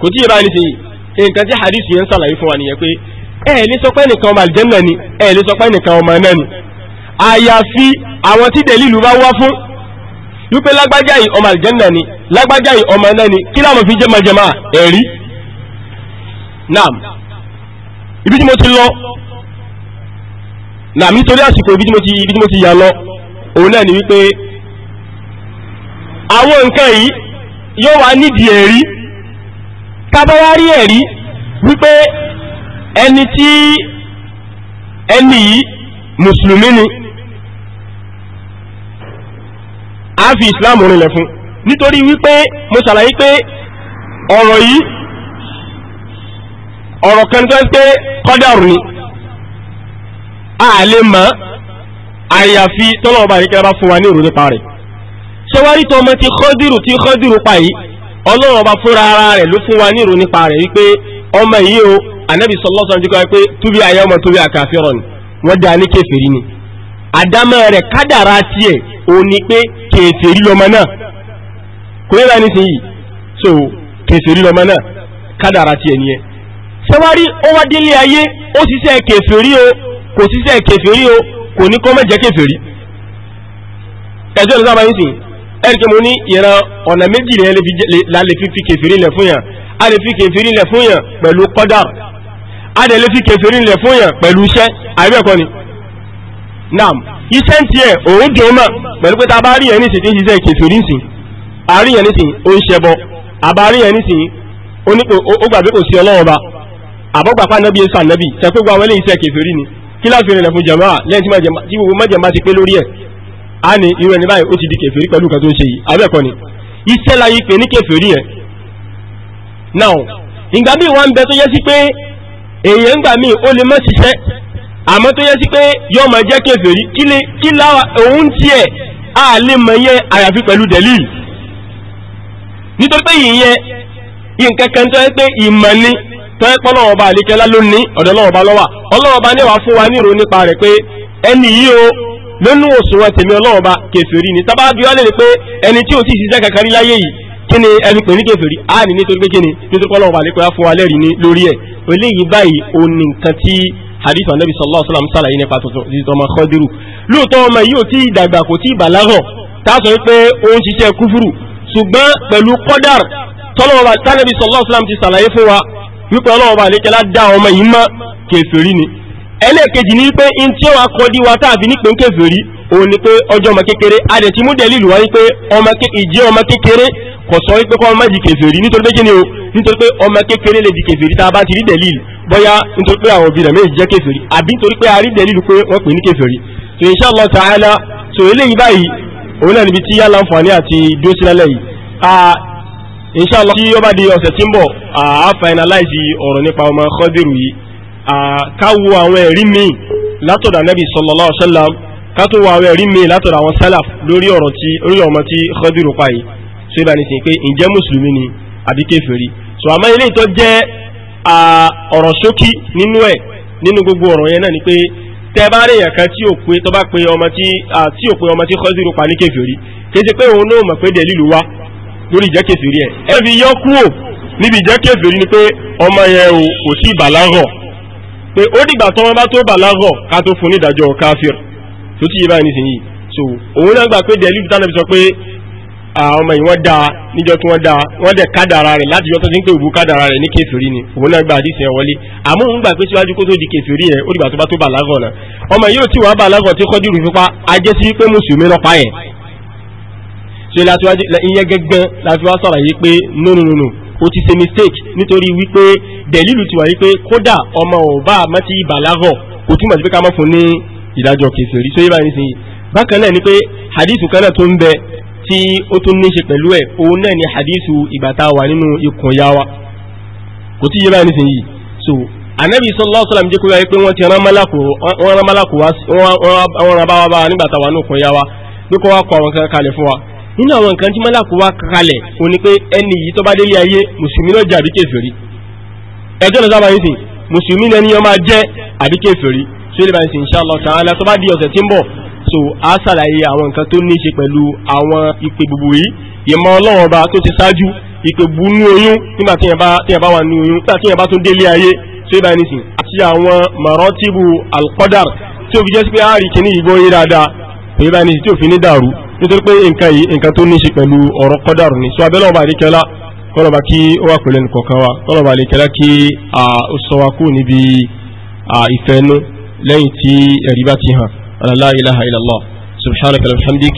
kò tíye báyìí nísìn yìí nǹkan tí hadith yẹn ń sàlàyé fún wa nìyẹn pé ẹ lè sọ pé nìkan ọmọ àlìjẹ́nà ni ẹ lè sọ pé nìkan ọmọ náà ni àyàfi àwọn tí dẹ̀lílù bá wá fún wípé lágbájá yìí ọmọ àlìjẹ́nà ni lágbájá yìí ọmọ náà ni kí láwọn fi jẹ́ mọ̀jẹ̀mọ́ ẹ̀rí naam ibi tí mo ti lọ nà mí torí àsìkò ibi tí mo ti ibi tí mo ti yà lọ òun náà ni wípé àwọn nǹkan yìí yóò wá nídìí ẹ̀rí tábáwá rí ẹ̀rí wípé ẹni tí ẹni yìí mùsùlùmí ni a fi islam rinlẹ̀ fún nítorí wípé mo ṣàlàyé pé ọ̀rọ̀ yìí ọ̀rọ̀ kan tó ń pé kọ́dàrú ni a lè mọ̀ àyàfi tọ́lọ̀ ọba àríkẹ́ bá fún wa ní òru nípa rẹ̀ ṣẹwárí tó ọmọ ti Khadiru ti Khadiru pa yìí ọlọ́run ọba fúnra ara rẹ̀ ló fún wa ní òru nípa rẹ̀ wípé ọmọ yìí o anabi sallallahu alaihi wasallam ti kọ́ pé túbí ayé ọmọ túbí àkàfẹ́rọ̀ ni wọ́n dá ní kèfèrí ni àdámọ́ rẹ̀ kádàrá tiẹ̀ òun ni pé kèfèrí lọmọ náà kò yẹ bá ní sìn yìí so kèfèrí lọmọ náà kádàrá tiẹ̀ nìyẹn ṣẹwárí ó wá délé ayé ó ṣiṣẹ́ kèfèrí o kò ṣiṣẹ́ kèfèrí o kò ní kọ́ mẹ́jẹ kèfèrí ẹjọ́ ìlú sábà yín sìn ẹ̀rìkẹ́ mo ní ìran ọ̀nà méjì la lè fi kèfèrí lẹ̀ fún yàn a lè fi kèfèrí lẹ̀ fún yàn pẹ̀lú kọ́dà a lè fi kèfèrí lẹ̀ fún yàn pẹ̀lú iṣẹ́ àìbẹ̀kọ́ ni nam iṣẹ́ ń tiẹ̀ òun dùn mọ̀ pẹ̀lú pé ta bá rí yẹn nísìn tí ń ṣiṣẹ́ kèfèrí nísìn àárí yẹn nísìn ó ń ṣẹbọ àbá rí yẹn nísìn ó gbàgbé kò sí ọlọ́wọ́ ba àbọ̀gbàpá nábì ẹ̀sà nábì tẹ́kọ́ gba wọlé iṣẹ́ kẹfẹ́rí ni kí láti rìnlẹ̀ fún jàmáà lẹ́yìn tí gbogbo mẹ́jẹ̀má ti pé lórí ẹ̀ a ní irú ẹni báyìí ó ti di kẹfẹ́rí pẹ̀lú nǹkan tó ń ṣe yìí abẹ́ẹ̀kọ́ ni iṣẹ́ láyé pé ní kẹfẹ́rí ẹ̀ now ìgbà míì wọ́n ń bẹ tó yẹ sí pé èèyàn ń gbà míì ó lè mọ́ ṣiṣẹ́ àmọ́ tó yẹ sí pé yọ máa jẹ́ kẹfẹ́rí kí òun tiẹ̀ a lè mọ yẹ àyàfi pẹ̀lú dẹ̀líì nítorí pé yìnyẹn nǹkan kan tó yẹ pé ìmọ̀ ni tọ́ẹ́ pọ́lọ́wọ́ bá àlékẹ́lá lónìí ọ̀dọ̀ lọ́wọ́ bá lọ́wà ọlọ́wọ́ bá níwà fún wa nírò nípa rẹ̀ pé ẹni yìí o lónú òṣùwọ̀n tèmi ọlọ́wọ́ bá kèfèrí ni tábà bí wá lè pé ẹni tí ò tí ì ṣiṣẹ́ kankan rí láyé yìí kí ni ẹni pè ní kèfèrí á ní nítorí pé kí ni nítorí pọ́lọ́wọ́ bá àlékẹ́lá fún wa lẹ́rìí ní lórí ẹ̀ eléyìí báyìí o ní nǹkan tí hadith anabi sallallahu alaihi wasallam ṣàlàyé nípa tuntun ọmọ Khadiru lóòótọ́ ọmọ yìí ò tí ì dàgbà kò tí ì bàlágọ̀ táàtọ̀ wípé ó ń ṣiṣẹ́ kúfúrù ṣùgbọ́n pẹ̀lú kọ́dàr tọ́lọ́wọ́ bá tánàbí sallallahu alaihi wasallam ti ṣàlàyé fún wa wípé ọlọ́wọ́ bá lékẹ́ ládá ọmọ yìí mọ́ kèfèrí ni ẹlẹ́ẹ̀kejì ní wípé in tí ó wá kọ́ dí wa tàbí nípe kèfèrí òun ni pé ọjọ́ ọmọ kékeré adẹ̀ tí mú dẹ̀ lílù wá wípé ìjẹ́ ọmọ kékeré kò sọ wípé kọ́ ọmọ di kèfèrí nítorí pé kíni o nítorí pé ọmọ kékeré lè di kèfèrí tá a bá ti rí dẹ̀líl bóyá nítorí pé àwọn òbí rẹ̀ méjì jẹ́ kèfèrí àbí nítorí pé a rí dẹ̀líl pé wọ́n pè ní kèfèrí so inshallah ta'ala so eléyìí báyìí òun náà níbi tí yálà ń fọ̀ ní àti dúró sílẹ̀ yìí ah, inshallah tí ó bá di ọ̀sẹ̀ tí ń bọ̀ àá finalize ọ̀rọ̀ nípa ọmọ Khadiru yìí káwo àwọn ẹ̀rí míì látọ̀dọ̀ Ànábì sallallahu alaihi wasallam kátó wo àwọn ẹ̀rí míì látọ̀dọ̀ àwọn salaf lórí ọ̀rọ̀ tí orí ọmọ tí Khadiru pa yìí so ibà nìsín pé ǹjẹ́ mùsùlùmí ni àbí kèfèrí so àmọ́ ilé ìtọ́ jẹ́ ọ̀rọ̀ ṣókí nínú ẹ̀ nínú gbogbo ọ̀rọ̀ yẹn náà ni pé tẹ bá rí èèyàn kan tí ò pé tó bá pe ọmọ tí ò pé ọmọ tí Khadiru pa ní kèfèrí kéde pé òun náà mọ̀ pé dẹ̀lílù wá lórí ìjẹ́kẹ̀fẹ̀rí ẹ̀ ẹ fi yọ kúrò níbi ìjẹ́kẹ̀fẹ̀rí ni pé ọmọ yẹn o kò sí ìbàlágọ̀ pé ó dìgbà tó wọn bá tó bàlágọ̀ ká tó fún nídàjọ́ káfíìr tó ti yé báyìí nísìnyí so òun náà gbà pé dẹ̀lú tí tánàbí sọ pé ọmọ yìí wọ́n da níjọ́ tí wọ́n da wọ́n dẹ̀ dara rẹ̀ láti yọ tó ti ń pè òbú kádàrà rẹ̀ ní kẹfìrí ni òun náà gba àdìsí ẹ̀ wọlé àmọ́ òun gbà pé síwájú kó tó di kẹfìrí ẹ̀ ó dìgbà tó bá tó bàlágọ̀ náà ọmọ yìí ò tí wàá bàlágọ̀ tí kọ́jú rù fipá ajẹ́ pé mùsùlùmí lọ́pàá yẹn so ìyẹn gẹ́gẹ́ láti wá ṣàlàyé pé no no no no o ti ṣe mistake nítorí wípé dẹ̀lílù ti wà wípé kódà ọmọ ọba àmọ́tí ìbàlágọ̀ kò túmọ̀ sí pé ká má fún ní ìdájọ́ kèfèrí so yíba nísìnyí bákan náà ni pé hadithu kan náà tó ń bẹ tí ó tún ní ṣe pẹ̀lú ẹ̀ òun náà ni hadithu ìgbà tá a wà nínú ikùn ya wa kò tí yíba nísìnyí so anabi sallallahu alaihi wasallam jẹ́ kó yára pé wọ́n ti rán málàkù wọ́n rán málàkù wá wọ́n rán báwa báwa nígbà tá a wà nínú ikùn ya wa nínú àwọn nǹkan tí mọ́lá kó wá kalẹ̀ kò ní pé ẹni yìí tó bá délé ayé mùsùlùmí náà jẹ́ àbí kèfèrí ẹjọ́ lọ sábà nísìn mùsùlùmí náà ni wọ́n máa jẹ́ àbí kèfèrí tó lè bá nísìn insha Allah ta'ala tó bá di ọ̀sẹ̀ tí ń bọ̀ so a ṣàlàyé àwọn nǹkan tó ní ṣe pẹ̀lú àwọn ìpè gbogbo yìí ìmọ̀ ọlọ́run ọba tó ti ṣáájú ìpè bu ní oyún nígbà tí yẹn bá wà ní oyún nígbà tí yẹn bá tún délé ayé tó lè bá nísìn àti àwọn nítorí pé nǹkan yìí nǹkan tó ní ṣe pẹ̀lú ọ̀rọ̀ kọ́dàrú ni so abẹ́lẹ́ ọba àdékẹ́lá kọ́lọ́ba kí ó wà pẹ̀lú ẹnì kọ̀ọ̀kan wa kọ́lọ́ba àdékẹ́lá kí ó sọ wa kú níbi ìfẹ́nu lẹ́yìn tí ẹ̀rí bá ti hàn alá ilaha illallah subhanaka alhamdik